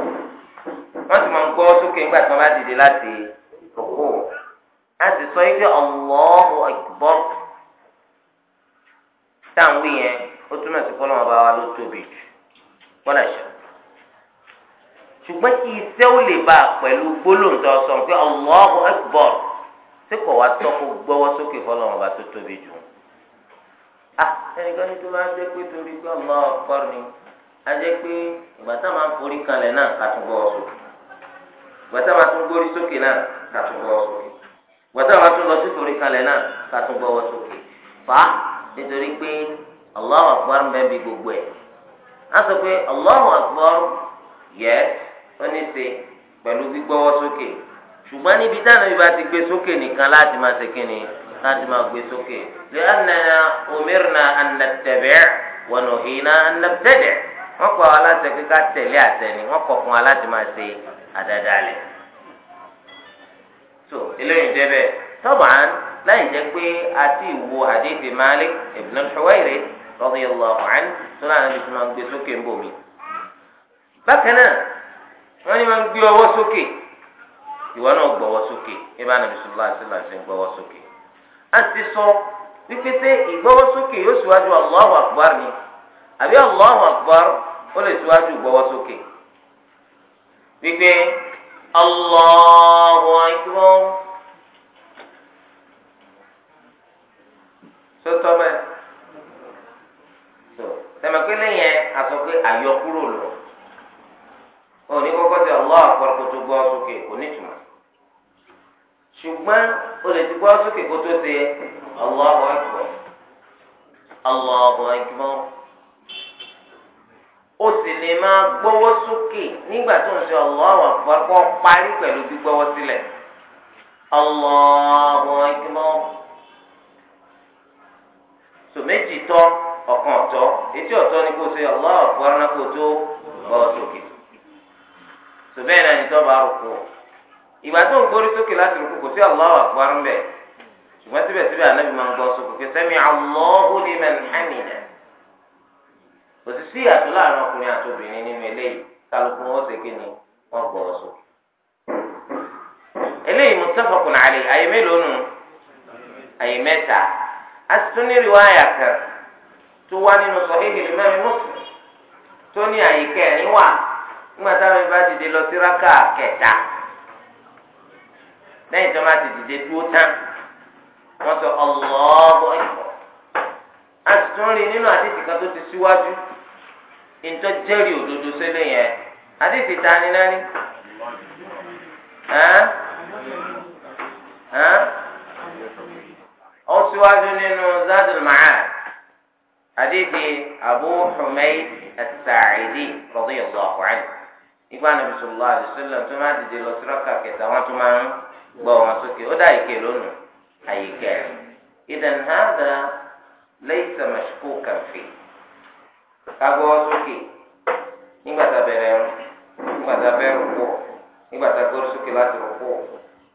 wọ́n sì máa ń gbọ́ sókè ńgbà tó o bá dìde láti rò kú a sì sọ yìí pé Allahu táwọn yẹn ó túmọ̀ sí fọlọ́mọ bá wa ló tóbi jù wọ́n àṣà ṣùgbọ́n iṣẹ́ ó lè bá a pẹ̀lú gbólóǹtọ̀ sọ pé Allahu Akbar ṣé kò wá tọ́kù gbọ́wọ́ sókè fọlọ́wọn bá tó tóbi jù ú. Ah, ẹnìkan ní tó máa ń jẹ́ pé torí pé ọmọ ọkọ ni a jẹ́ pé ìgbà tá a máa ń forí kalẹ̀ náà ká tún gbọ́wọ́ sókè ìgbà tá a máa tún gbórí sókè náà ká tún gbọ́wọ́ sókè ìgbà tá a máa tún lọ sí forí kalẹ̀ náà ká tún gbọ́wọ́ sókè fà á nítorí pé Allahu akbar bẹ́ẹ̀ bí gbogbo ẹ̀ á sọ pé Allahu akbar yẹ ó ṣùgbọ́n níbi táwọn ibi bá ti gbé sókè nìkan láti máa ṣe kí ni láti máa gbé sókè lè ànàyà omirna ànàtẹ̀bẹ̀ wọnà ìhìnà ànàtẹ̀dẹ̀ wọ́n kọ́ aláṣẹ kíkà tẹ̀lé àtẹ̀ni wọ́n kọ̀ fún wa láti máa ṣe àdádálẹ̀. so eléyìí débẹ̀ tọ́ba láì jẹ́ pé àti ìwo àdéhìí Malik ibn al-Huwairi radiyallahu anhu tó máa gbé sókè ń bò mí. bákan náà wọ́n ní máa gbé ọwọ́ sókè ìwọ náà gbọ́wọ́ sókè ibà nàbí sọlá àṣìlá ṣe ń gbọ́wọ́ sókè. a ti sọ wípé pé ìgbọ́wọ́ sókè yóò síwájú Allahu akbar ni àbí Allahu akbar ó lè síwájú ìgbọ́wọ́ sókè. wípé Allahu akbar sọtọ bẹ́ẹ̀ tẹmẹkẹlẹ yẹn àsọ pé àyọkúrò lọ òní kọ́kọ́ tẹ Allahu akbar kó tó gbọ́ sókè onítùmọ̀ ṣùgbọ́n o lè ti gbọ́ sókè kó tó ṣe Allahu Akbar Allahu Akbar o sì lè máa gbọ́wọ́ sókè nígbà tó ń ṣe Allahu Akbar kó parí pẹ̀lú gbígbọ́wọ́ sílẹ̀ Allahu Akbar sọ méjì tọ́ ọ̀kan ọ̀tọ̀ etí ọ̀tọ̀ ni kó ṣe Allahu Akbar kó tó gbọ́wọ́ sókè sọ bẹ́ẹ̀ náà ní tọ́ bá rò kú o. ìgbà tó ń gbórí sókè láti rúkú kò sí Allahu Akbar ń bẹ̀ ṣùgbọ́n síbẹ̀síbẹ̀ anábì máa ń gbọ́ sókè sami Allahu na hamida kò sí sí ìyàtọ̀ láàrin ọkùnrin àti obìnrin nínú eléyìí kálukú wọn ṣe kí ni wọn gbọ́ sókè. eléyìí muttafaqun alayhi àyè mélòó nù àyè mẹ́ta a sì tún tó wá nínú tó lẹ́yìn tó máa ti dìde dúró tán wọ́n sọ a sì tún rí nínú àdìsí kan tó ti síwájú ìtọ́ jẹ́rìí òdodo sílẹ̀ yẹn àdìsí ta ni síwájú nínú Zadul àdìsí Abu ìgbà dìde kẹta ń. gbọ́ wọn sókè ó dá ìké lónìí àyíké rẹ̀ ìdàn hàdà laysa mashkukan fi sókè nígbà bẹ̀rẹ̀ ẹ̀rù nígbà bẹ̀rù pọ̀ nígbà gbọ́ sókè láti rò pọ̀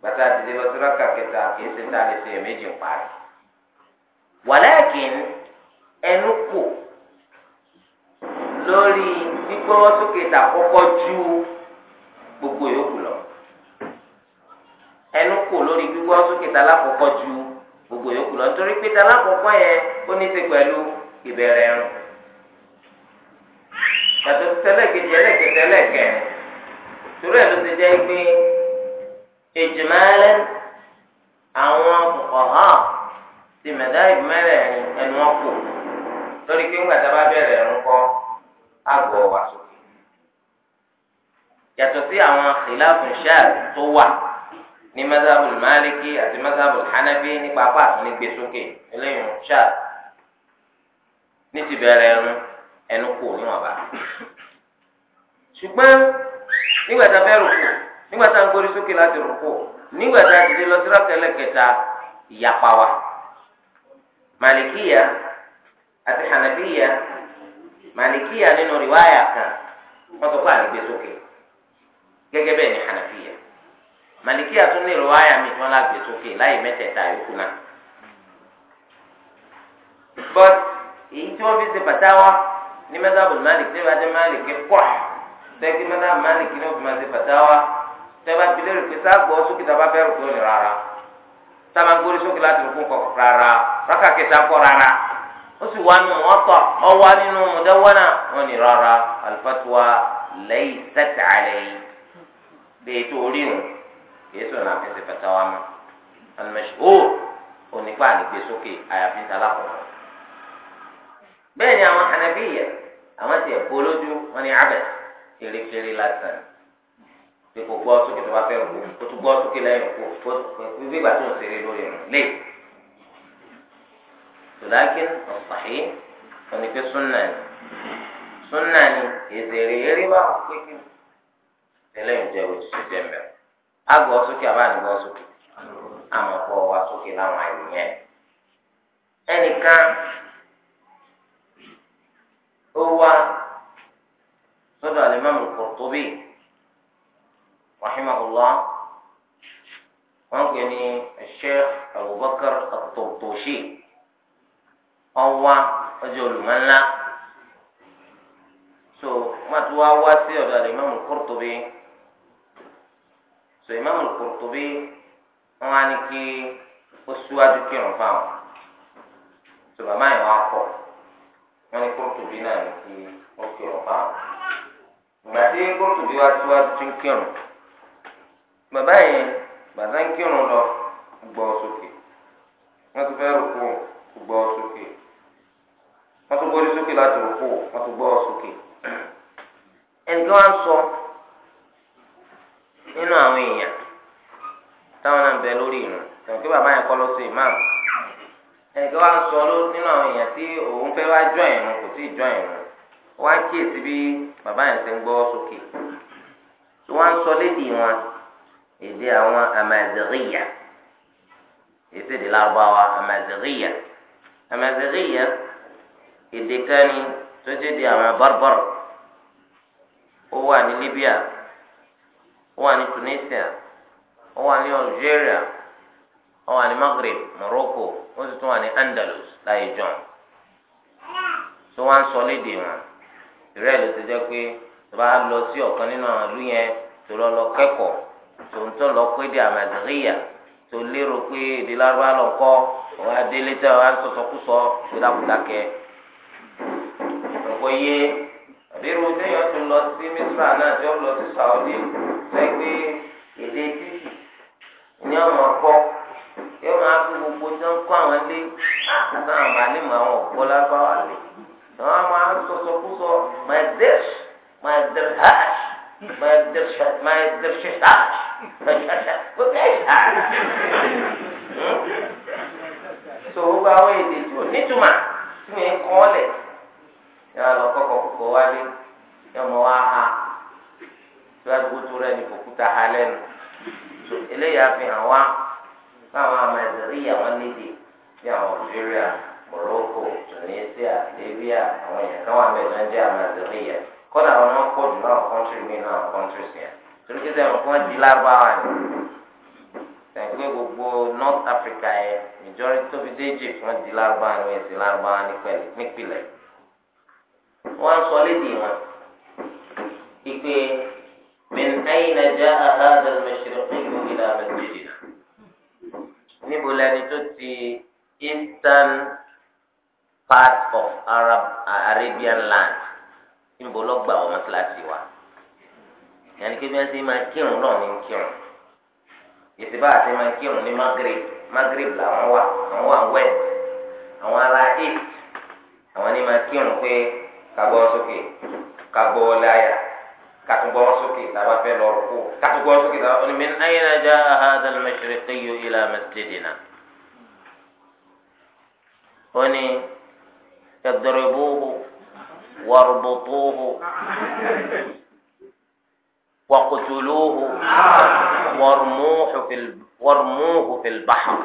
bàtà àdìdì lọ sí kẹta kìí ṣe tá a parí. wàlẹ́kìn ju gbogbo yòókù ẹnu kò lórí gbígbọ́ sókè talákọ̀ọ́kọ́ ju gbogbo yòókù lọ nítorí pé talákọ̀ọ́kọ́ yẹn ó ní í ṣe pẹ̀lú ìbẹ̀rẹ̀ ẹ̀rùn yàtọ̀ tẹ́lẹ̀kejì ẹlẹ́kẹ̀tẹ̀ ẹlẹ́kẹ̀ torí ẹ̀ ló ti jẹ́ pé ìjìmọ̀lẹ́ àwọn ọ̀hán ti mẹ̀dá ìmẹ̀rẹ̀ ẹnu wọn kù lórí pé ńgbà tá a bá bẹ̀rẹ̀ ẹ̀rùn kọ́ àgọ̀ wà sókè yàtọ̀ sí àwọn ìlàfùnṣẹ́ tó wà ní mazhabu maliki àti mazhabu hanafi nípa apá àtúnigbé sókè eléyìí ṣáà ní ti bẹ̀rẹ̀ ẹnu ẹnu kù níwọ̀nba ṣùgbọ́n nígbà tá a fẹ́ rúkú nígbà tá a ń gbórí sókè láti rúkú nígbà tá a ti dé lọ sí rákẹ́lẹ̀ kẹta ìyapa wa malikiya àti hanafiya malikiya nínú riwaya kan wọ́n sọ pé àlè sókè gẹ́gẹ́ bẹ́ẹ̀ ni hanafiya màlìkí àtún ní ìrọ̀wá àyà mi tí wọ́n lágbè sókè láyé mẹ́tẹ̀ẹ̀ta but èyí tí wọ́n fi ṣe fàtáwá ní mẹ́tàbù malik tí wọ́n ti malik kọ́ tẹ́kí mẹ́tàbù malik ní òfin máa ṣe fàtáwá tẹ́bà ti lérò pé sáàgbọ́ sókè tàbá fẹ́ rògbò ní rárá sábà ń gbórí sókè láti rògbò kọ̀ rárá rákà kẹta kọ́ rárá ó sì wá nínú wọn kọ ọ nínú mùdáwánà wọn ní rárá alifatuwa lẹ́yìn sẹ́tà lẹ́yìn bẹ́ẹ̀ tó rí wọn kìí sọ̀rọ̀ náà fẹsẹ̀ fẹsẹ̀ wa mọ́ alimẹ́sì ó onípa àdìgbé sókè àyàfi sálà kọ̀ bẹ́ẹ̀ ni àwọn hànàbíyà àwọn tiẹ̀ polójú wọn ni abẹ kérékéré lásán pé kò gbọ́ sókè tó bá fẹ́ rò kó tó gbọ́ sókè lẹ́yìn kó wíwí ìgbà tó ń ṣeré lórí rẹ̀ lé tòlákin ọ̀sàhí òní súnà ni súnà ni èdè rèé rí bá kékeré tẹ́lẹ̀ ń jẹ́ òṣìṣẹ́ jẹ́ mẹ́rin agbọ sókè abáàdì bọ sókè àmọ́ kọ wa sókè láwọn àyè yẹn ẹnìkan ó wá sọ́dọ̀ alimami Qurtubi rahimahullah wọn pè ní sheikh Abubakar At-Turtushi ọwá ọjọ́ olùmọ̀ńlá so wọn ti wá wá sí ọ̀dọ̀ alimami Qurtubi. So Imam Qurtubi wọn á ní kí ó síwájú kírun fáwọn sọ bàbá yẹn wọn á kọ wọn ní Qurtubi náà ní kí ó kírun fáwọn ìgbà tí Qurtubi wá síwájú tí ń kírun bàbá yẹn bàtà ń kírun lọ gbọ́ sókè wọ́n ti fẹ́ rògbò gbọ́ sókè wọ́n tún gbórí sókè láti rògbò wọ́n tún gbọ́ sókè ẹnìkan wá ń sọ nínú àwọn èèyàn táwọn náà ń bẹ lórí ìrùn tẹ̀wọ́n kí bàbá yẹn kọ́ ló ṣe ìmáàmù ẹnìkan wá ń sọ nínú àwọn èèyàn tí òun fẹ́ wá jọ ìrùn kò tíì jọ ìrùn wá ń kíyèsí bí bàbá yẹn ṣe ń gbọ́ sókè tí wọ́n ń sọ lédi wọn èdè àwọn amaziriya èsì èdè lárúbáwá amaziriya amaziriya èdè kan ni tó jẹ́ di àwọn bárbárù ó wà ní Libya. wọ́n wà ní Tunisia wọ́n wà ní Algeria wọ́n wà ní Maghreb Morocco ó sì tún wà ní Andalus láyé john tó wá ń sọ léde wọn ìrẹ́ ló ti jẹ́ pé tó bá lọ sí ọ̀kan nínú àwọn ìlú yẹn tó lọ lọ kẹ́kọ̀ọ́ tó ń tọ́ lọ pé Amadiriya tó lérò pé èdè lárúbá lọ kọ́ ọ̀pọ̀ iye tẹ́yọ̀ tó lọ sí náà tó lọ sí Saudi. lẹ́yìn pé títì ni ọmọ kọ́ yóò máa fi gbogbo tí wọ́n kọ́ àwọn lé nígbà ah, àwọn àlẹ́ mọ́ àwọn ọ̀pọ̀ lábáwá lé wọ́n máa ń sọ̀sọ̀kúsọ my dish my dish hash my dish my dish hash my dish hash gbogbo ẹ̀ so gbogbo àwọn èdè tí ò nítumà tí wọ́n kọ́ lẹ̀ yàrá lọ kọ́kọ́ kọ́kọ́ wálé yọmọ wá ha. síwájú kó tó rẹ ní kòkúta ha lẹ́nu eléyìí àfihàn wa fáwọn amẹsẹríyà wọn léde bí àwọn algeria morocco tunisia libya àwọn èèyàn kan wà mẹ́jọ ń jẹ amẹsẹríyà kódà àwọn náà pọ̀ jù náà kọ́ńtírì mi náà kọ́ńtírì sí ẹ torí kí sẹ́yìn fún ẹjì ni gbogbo north africa yẹn majority tó fi dé egypt wọ́n di lárúbáwá ni wọ́n ti nípìnlẹ̀ من أين جاء هذا المشرقي إلى مسجدنا níbo lẹni tó ti part of Arab Arabian land níbo lọ gbà wọn mọ́sálásí wa yẹn kí wọ́n ti máa kírun náà ní kírun ìsìnbá àti máa kírun ní Maghreb Maghreb làwọn wà àwọn wà west àwọn ará east àwọn ni máa kírun pé ká gbọ́ sókè ká gbọ́ كاتو غوروسكي دابا في لوركو كاتو غوروسكي دابا من اين جاء هذا المشرقي الى مسجدنا هوني تضربوه واربطوه وقتلوه وارموه في وارموه في البحر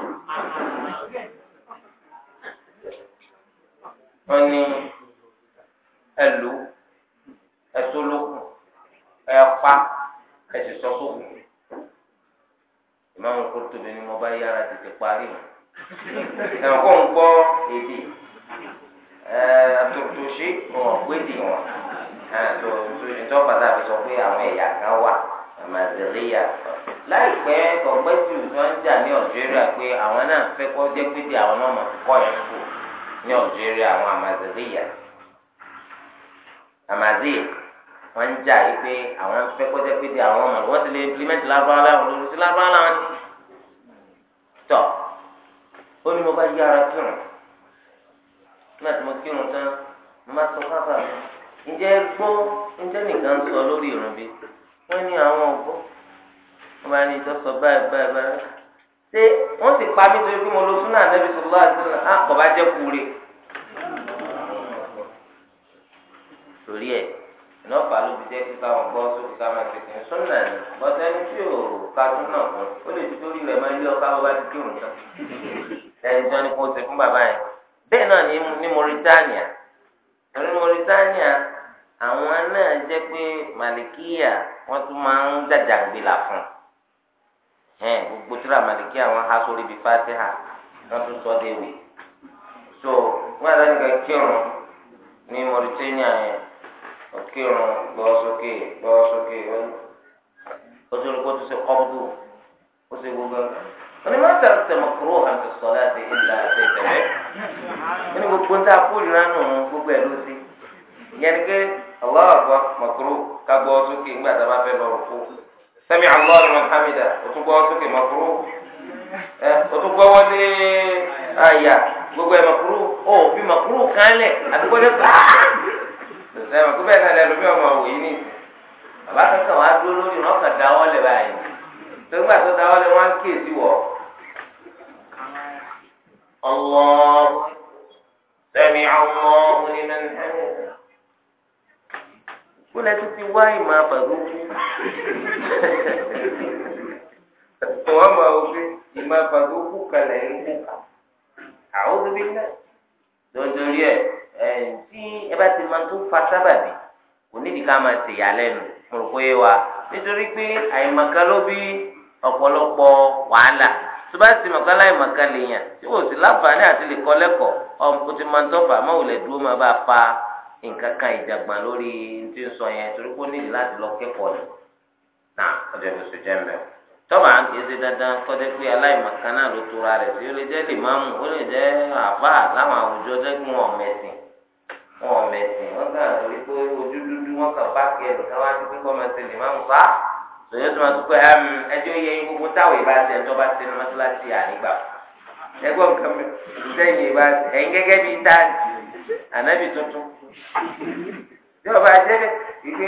هوني قال له ẹ pa ẹ sì sọ bi ni mo bá yára tètè parí o ẹ kó ń gbọ́ èdè ẹ wọn tòtòṣe tó bàtà fi sọ pé àwọn ẹ̀yà kan wà màzẹ̀ríyà láìpẹ́ ọ̀gbẹ́ tí òṣùwọ̀n ń jà ní Algeria pé àwọn náà àwọn náà wọn ń jà yìí pé àwọn fẹ́ kọjá pé di àwọn ọmọ wọn ti lè implement lábára láwọn olùsí lábára láwọn ti tọ ó ní mo bá yára kírun nígbà tí mo kírun tán mo máa sọ fáfà mi ǹjẹ́ gbọ́ ǹjẹ́ nìkan ń sọ lórí ìrùn bí wọ́n ní àwọn ògbó wọ́n bá ní ìtọ́sọ báyìí báyìí báyìí ṣé wọ́n sì pa mí torí pé mo lo súnà nẹ́bí sọ̀rọ̀ àti àkọ́bá jẹ́ kúure. torí ẹ̀ nọ́ọ̀fà ló ti jẹ́ kí káwọn gbọ́ sófin káwọn ti kì í súnà ní bọ́tẹ́ ní tí ò ká tún náà fún ó lè ti torí rẹ̀ máa ń lé ọkọ bá ti kírun tán ẹni tí wọ́n ní kó o ṣe fún bàbá yẹn bẹ́ẹ̀ náà ní Mauritania ní Mauritania àwọn náà jẹ́ pé malikiya wọ́n tún máa ń jàjàgbìlà fún ẹn gbogbo tíra malikiya wọ́n há sórí bíi fatiha wọ́n tún sọ déwì so wọ́n àdáni kan kírun ní Mauritania yẹn òkè irun gbọ́ sókè gbọ́ sókè ó tún lóko tó ṣe kọ́bùdù ó ṣe gbogbo wọn ni wọn tẹ̀lé tẹ̀lé kúrò àti sọ̀lá àti ìlà àti ìtẹ̀lẹ́ wọn ni gbogbo ń ta kúrò náà nù gbogbo ẹ̀ ló sí ìyẹn ni pé Allahu Akbar makuru ká gbọ́ sókè ńgbà tá a bá fẹ́ lọ rò fún sami Allahu liman hamida ó tún gbọ́ sókè makuru ẹ ó tún gbọ́ wọlé àyà gbogbo ẹ̀ makuru ó fi makuru kan lẹ̀ àdúgbò lẹ́kọ̀ọ́ sọ̀tẹ́ wọn kó bẹ́ẹ̀ náà lẹ́nu mi ọmọ òwò yìí nìyí bàbá kankan wàá dúró lórí wọn kàn dáwọ́ lẹ̀ báyìí tó gbà tó dáwọ́ lẹ̀ wọn kì í sí wọ̀ Allah sami Allahu liman hamida kó lẹ́tí ti wá ìmọ̀ àbàdó kú wọ́n máa wọ pé ìmọ̀ àbàdó kú kalẹ̀ ń kú tí ẹ bá ti máa tó fa sábàbí kò nídìí ká máa ṣe ìyàlẹ́nu mo rò pé wa nítorí pé àìmọ̀kan ló bí ọ̀pọ̀lọpọ̀ wàhálà tó bá ti mọ̀kan láìmọ̀kan lèèyàn tí kò sí láǹfààní àti lè kọ́ lẹ́kọ̀ọ́ ọ̀pọ̀ ti máa tọ́fà má wò lè dúró máa bá fa nǹkan kan ìjàgbọ̀n lórí tí ń sọ yẹn torí pé ó nídìí láti lọ kẹ́kọ̀ọ́ ni náà ọjọ́ ìbùsù jẹ́ mẹ́rin tọ́ba à ń kéde dandan kọ́jẹ́ pé aláìmọ̀kan náà ló tora rẹ̀ sí ó lè jẹ́ lè máàmù ó lè jẹ́ àbá láwọn àwùjọ wọn ò mẹsìn wọn kàn torí pé ojú dúdú wọn kàn bá kí ẹnì kan wá ti pín kọ́ máa ṣe lè má mú fa lóyún tó máa tó pé ẹjọ́ yẹ yín gbogbo táwọn ìbá ṣe ẹjọ́ bá ṣe ní mọ́tíláṣí ànígbà ẹgbọ́n nǹkan mi sẹ́yìn ìbá ṣe ẹ̀yin gẹ́gẹ́ bíi táàgì ànábì tuntun tí ọba jẹ́ ìgbé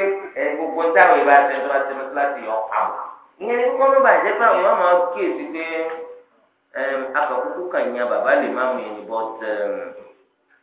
gbogbo táwọn ìbá ṣe ẹjọ́ bá ṣe mọ́tíláṣí ọ̀ àwọn ìyẹn ní kọ́ ló bàjẹ́ pé àwọn ọmọ kíyèsí pé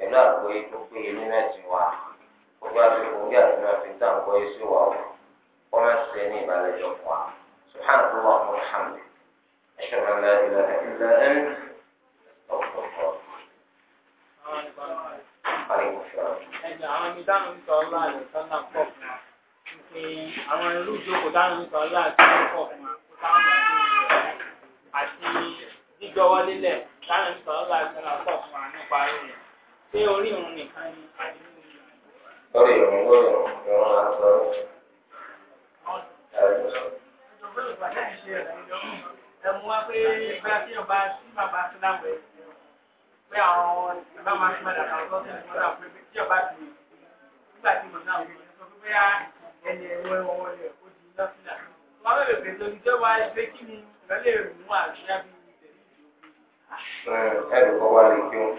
pẹ̀lú àgbọ́yé tó péye nínú ẹ̀sìn wa ojú àti ojú àti náà fi dá àgbọ́yé sí wa o wọ́n máa ṣe ní ìbàlẹ̀ jọ fún wa subhanahu wa rahmatulahi ashhadu an la ilaha illa anta astaghfiruka. Ẹ̀jẹ̀ àwọn ẹni dáhùn sọ ọ́ láàyè sọ́nà pọ̀ fún wa. Ṣé àwọn irú ìjókòó dáhùn sọ ọ́ láàyè sọ́nà pọ̀ fún wa? Kó táwọn máa ń rẹ̀ àti jíjọ wọlé lẹ̀ dáhùn sọ ọ́ láàyè sọ́nà pọ̀ fún wa nípa rẹ̀ ṣé orí òun nìkan ni lórí ìròyìn lórí ìròyìn tí wọn máa ń sọ ní. Ẹ̀mú wá pé bá tí ọba sí bàbá sí láwẹ̀ pé àwọn ìbá máa fi padà kàn sọ́sẹ̀ ní ọ̀dà pé tí ọba ti nígbà tí mo náà wò sọ pé á ẹni ẹ̀wọ̀ ẹ̀wọ̀ rẹ̀ ó di iná sílà. Wọ́n bẹ̀rẹ̀ pé tó ní jẹ́ wá pé kí ni ìrọ̀lẹ́ rẹ̀ mú àríyá bí ìtẹ̀lé ìjọba. Ẹ̀rù kọ́ wá lè kí wọn.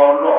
no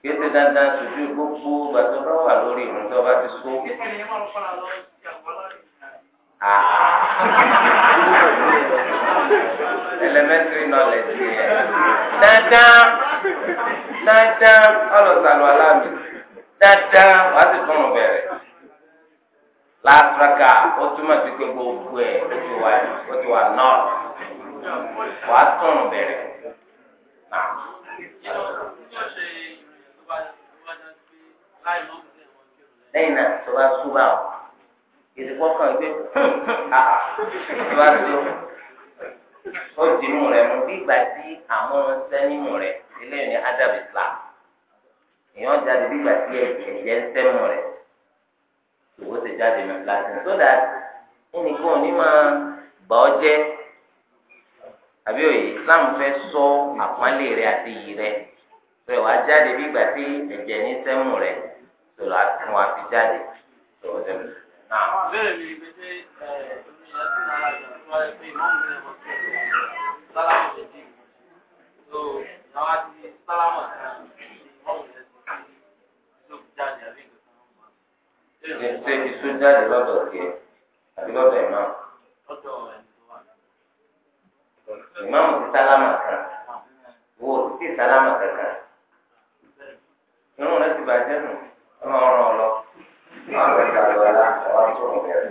kéde dandan sojú gbogbo gbàtọ bá wà lórí ìrùn tó bá ti sún. Ah. elementary knowledge yẹn dandan dandan ọlọsàlù alámi dandan wàá ti tún un bẹ̀rẹ̀ látraka ó túmọ̀ sí pé gbogbo ẹ̀ ó ti wà náà wàá tún un bẹ̀rẹ̀ lẹ́yìn náà tó bá tú bá ọ ìdìbò kan gbé tó bá tú ó di mú rẹ mú bí ìgbà tí àwọn ọ̀sẹ̀ nímú rẹ eléyìí ní adab islam èèyàn jáde bí ìgbà tí ẹ̀jẹ̀ ń sẹ́mú rẹ ìwọ ti jáde mẹ́fìlá sí i so that ẹnìkan ò ní máa bà ọ́ jẹ́ àbí òye islam fẹ́ sọ àpọ́nlé rẹ àti iyì rẹ rẹ wàá jáde bí ìgbà tí ẹ̀jẹ̀ ní sẹ́mù rẹ sọ̀rọ̀ àtún wàá fi jáde sọ̀rọ̀ sẹ́mù. bẹ́ẹ̀ ni pété omi yẹn ti nara ìjọba tó wáyé pé ìmọ̀ mi lè mọ̀ ṣé ìṣó jáde lọ́dọ̀ kí àbí lọ́dọ̀ ìmọ̀? lọ́dọ̀ ìmáàmù ti sálámà kan wo ti sálámà kankan irun rẹ ti bàjẹ́ nù ẹ máa ràn ọ lọ máa lọ sí àlọ́lá ọ̀rọ̀ tó ń bẹ̀rẹ̀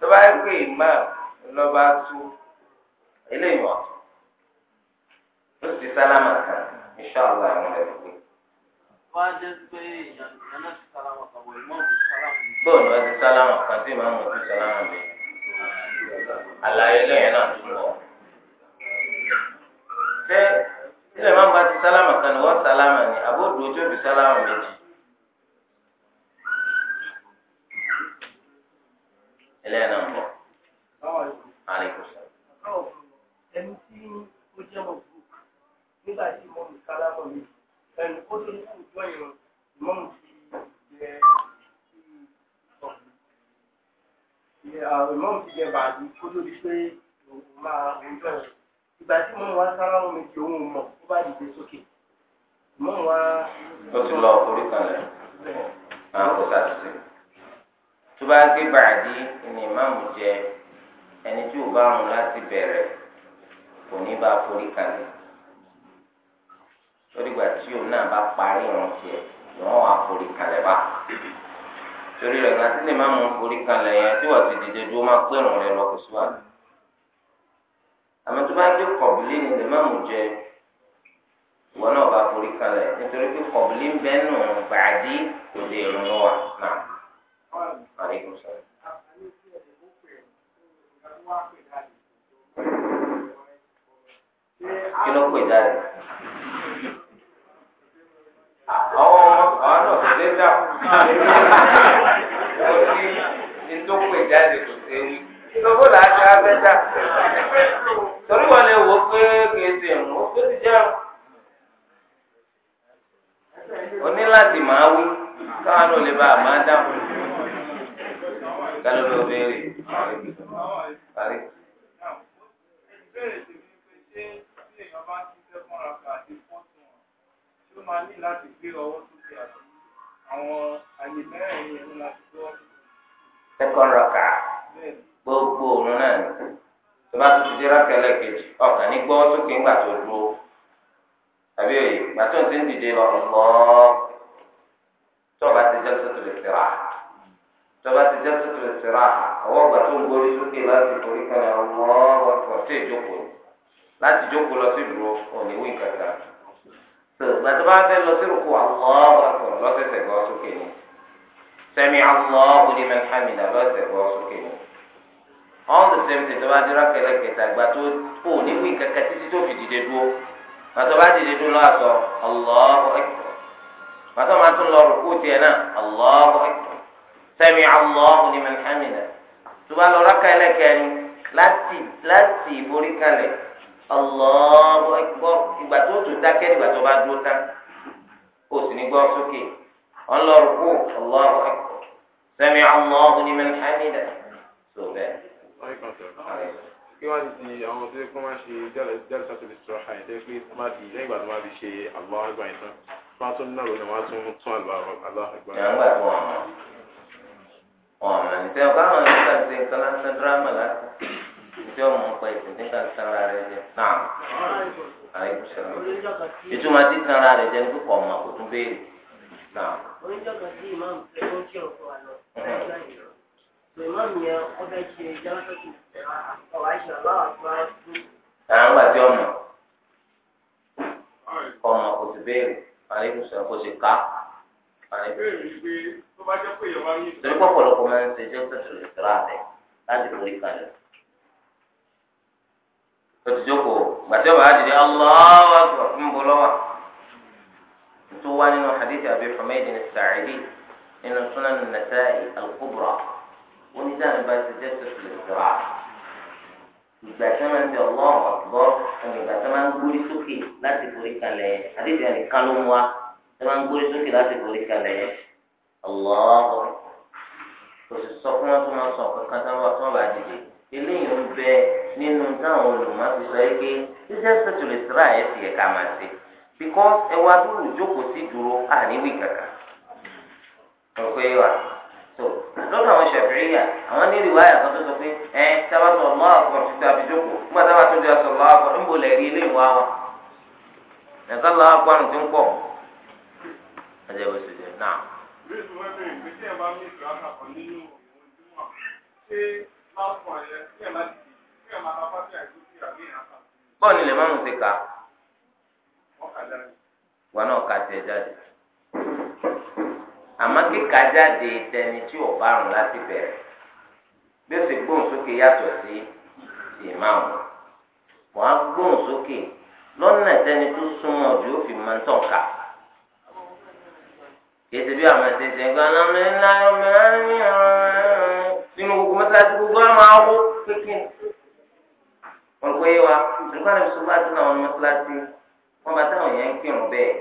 tó bá yẹ pé ìmáàmù lọ́ba tú eléyìí wọ̀ ó ti sálámà kan inṣàlá àwọn ẹ̀rọ pé. Bọ́ọ̀lù ọtí sálámà kan tí ìmáàmù ọtí sálámà mi. Àlàyé lẹ́yìn náà sálámà kan ni wọ́n sálámà ni àbódù ojú òbí sálámà méjì. ẹlẹ́yìn náà ń bọ̀. ẹni tí ó jẹ́ mọ̀ nígbà tí mo ń sálámà mi ẹni kó tó ní kó jọ ìrọ̀ ìmọ̀ mi ti jẹ ìmọ̀ mi ti jẹ bàbí kó tó di pé òun máa ń jọ ìrọ̀ ìgbà tí mo wá sálámù mi tí òun mọ̀ ó bá dìde sókè mo wá. ó ti lọ orí kan lẹ àwọn kò sàtúnṣe tó bá gbé bàdí ni ìmáàmù jẹ ẹni tí ò bá mú láti bẹ̀rẹ̀ kò ní bá forí kalẹ̀ lórí ìgbà tí òun náà bá parí ìrun tiẹ̀ ni wọ́n wá forí kalẹ̀ bá torí rẹ̀ gbàtí ni ìmáàmù forí kalẹ̀ yẹn tí wọ́n ti dìde dúró máa pé ìrun lọ kó síwájú àmọ́ tó bá ń gbé kọ̀bílì ní lẹ́mọ̀mù jẹ ìwọ náà bá forí kalẹ̀ nítorí pé kọ̀bílì ń bẹ́ nù bàdí òde ìrún wa náà. kí ló pè dáre àwọn ọmọ náà kò lè dà kò sí ní tó pè jáde kò sí ewu ìgbàgbó là á ṣe abẹ́jà torí wọn lè wò ó pé kéde ń wò ó pé ti jẹun oní láti máa wí káwọn ò lè bá a máa dáhùn kálọ̀ ló béèrè parí. second rocker. rákẹ́lẹ́ kejì ọ̀kan ní gbọ́ sókè ńgbà tó dúró tàbí òye ìgbà tó ń ti ń dìde lọ lọ tọ́ba ti jẹ́ sọ́tò lè sèrà tọ́ba ti jẹ́ sọ́tò lè sèrà ọwọ́ ìgbà tó ń gbórí sókè láti forí kalẹ̀ ọlọ́wọ́ ọ̀tí ìjókòó láti jókòó lọ sí dúró òní wí kàkà tó ìgbà tó bá fẹ́ lọ sí rúkú ọlọ́wọ́ lọ́sẹ̀sẹ̀ gbọ́ sókè ni sẹ́mi ọlọ́wọ́ ni mẹ́hàmìlá lọ́sẹ̀ all the same thing tó bá dira kẹlẹkẹta gba tó o ní wí kankan títí tó fi dìde dúró pàtó bá dìde dúró lọ àtọ Allahu akbar pàtó máa tún lọ rúkú tiẹ̀ náà Allahu akbar sami Allahu liman hamidah tó bá lọ rákà ẹlẹkẹrin láti láti ìborí kalẹ̀ Allahu akbar ìgbà tó tó dákẹ́ ìgbà tó bá dúró tán o sì ní gbọ́ sókè ọ̀n lọ rúkú Allahu akbar sami Allahu tó bẹ́ẹ̀. Ah, kí wọ́n ti àwọn tó kọ́ máa ṣe jẹ́rẹ̀ sátọ̀ lè sọ̀rọ̀ àyè tẹ́ pé má di lẹ́yìn ìgbà tó má fi ṣe àlọ́ àgbà yìí tán má tún náà lónìí wọ́n á tún tún àlọ́ àgbà. ìyàwó àgbà ọ̀nà ọ̀nà nìṣẹ́ ọ̀gá àwọn ẹ̀ka ṣe nǹkan lásán dírámà láti ìṣe ọmọ ọ̀pẹ ìṣẹ̀dí nǹkan sanra rẹ̀ jẹ náà àìkúṣẹ́ra ìtumọ̀ àti sanra rẹ̀ ọmọ kò tún béèrè náà. oníjọ́ kan tí ìmáàmù ìmọ̀mù ọmọ ọmọ kò béèrè sọ kó ṣe ká máa ń ṣe láti lórí gbàtẹ́ wàá ń lọ́wọ́ tó wá nínú hadith nínú onídàáni bá ti jẹ́ tó tilẹ̀ sọ̀rọ̀ ìgbà tí wọ́n máa ń bẹ ọlọ́run àtúbọ̀ ọmọ ìgbà tí wọ́n máa ń gbórí sókè láti forí kalẹ̀ àdébìyàn nìkan ló tí wọ́n máa ń gbórí sókè láti forí kalẹ̀ ọlọ́run kò sì sọ fún wọn tó máa sọ kankan tí wọ́n bá dìde eléyìí ń bẹ nínú táwọn olùmọ̀ ti sọ yẹ ká máa ṣe so lọ́dọ̀ àwọn ṣẹ̀fìríyà àwọn ní ìwà àyàtọ̀ tó sọ pé ẹ sábà sọ ọmọ àkọ́rọ̀ títí àbíjókò nígbà sábà tó di lọ́wọ́ ilé ìwà wọn lọ́wọ́ pọ̀ ṣe náà. àmọ́ kíkà jáde tẹni tí ò bá rùn láti bẹ̀rẹ̀ bí ó sì gbóhùn sókè yàtọ̀ sí ìmáàmù wọn á gbóhùn sókè lọ́nà tẹni tó súnmọ́ ju ó fi máa ń tàn ká ètò bí àwọn ẹsẹ̀ ṣe ń gbọ́ ọ́nà mi ńlá ọmọ mi nínú gbogbo mọ́tàlásí gbogbo ọmọ àwọ kékeré wọn kò yé wa nígbà tó sọ bá tó náà wọn mọ́tàlásí wọn bá táwọn yẹn ń kírun bẹ́ẹ̀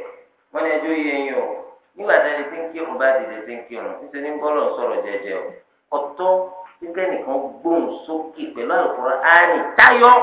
wọn ni ẹjọ́ yẹ yín o nígbà tí ẹni tí ń kírun bá dìde tí ń kírun títí ní bọ́lọ̀ sọ̀rọ̀ jẹ́jẹ́ o ọ̀tọ́ kíkẹ́ nìkan gbóhùn sókè pẹ̀lú àlùkò áánì táyọ̀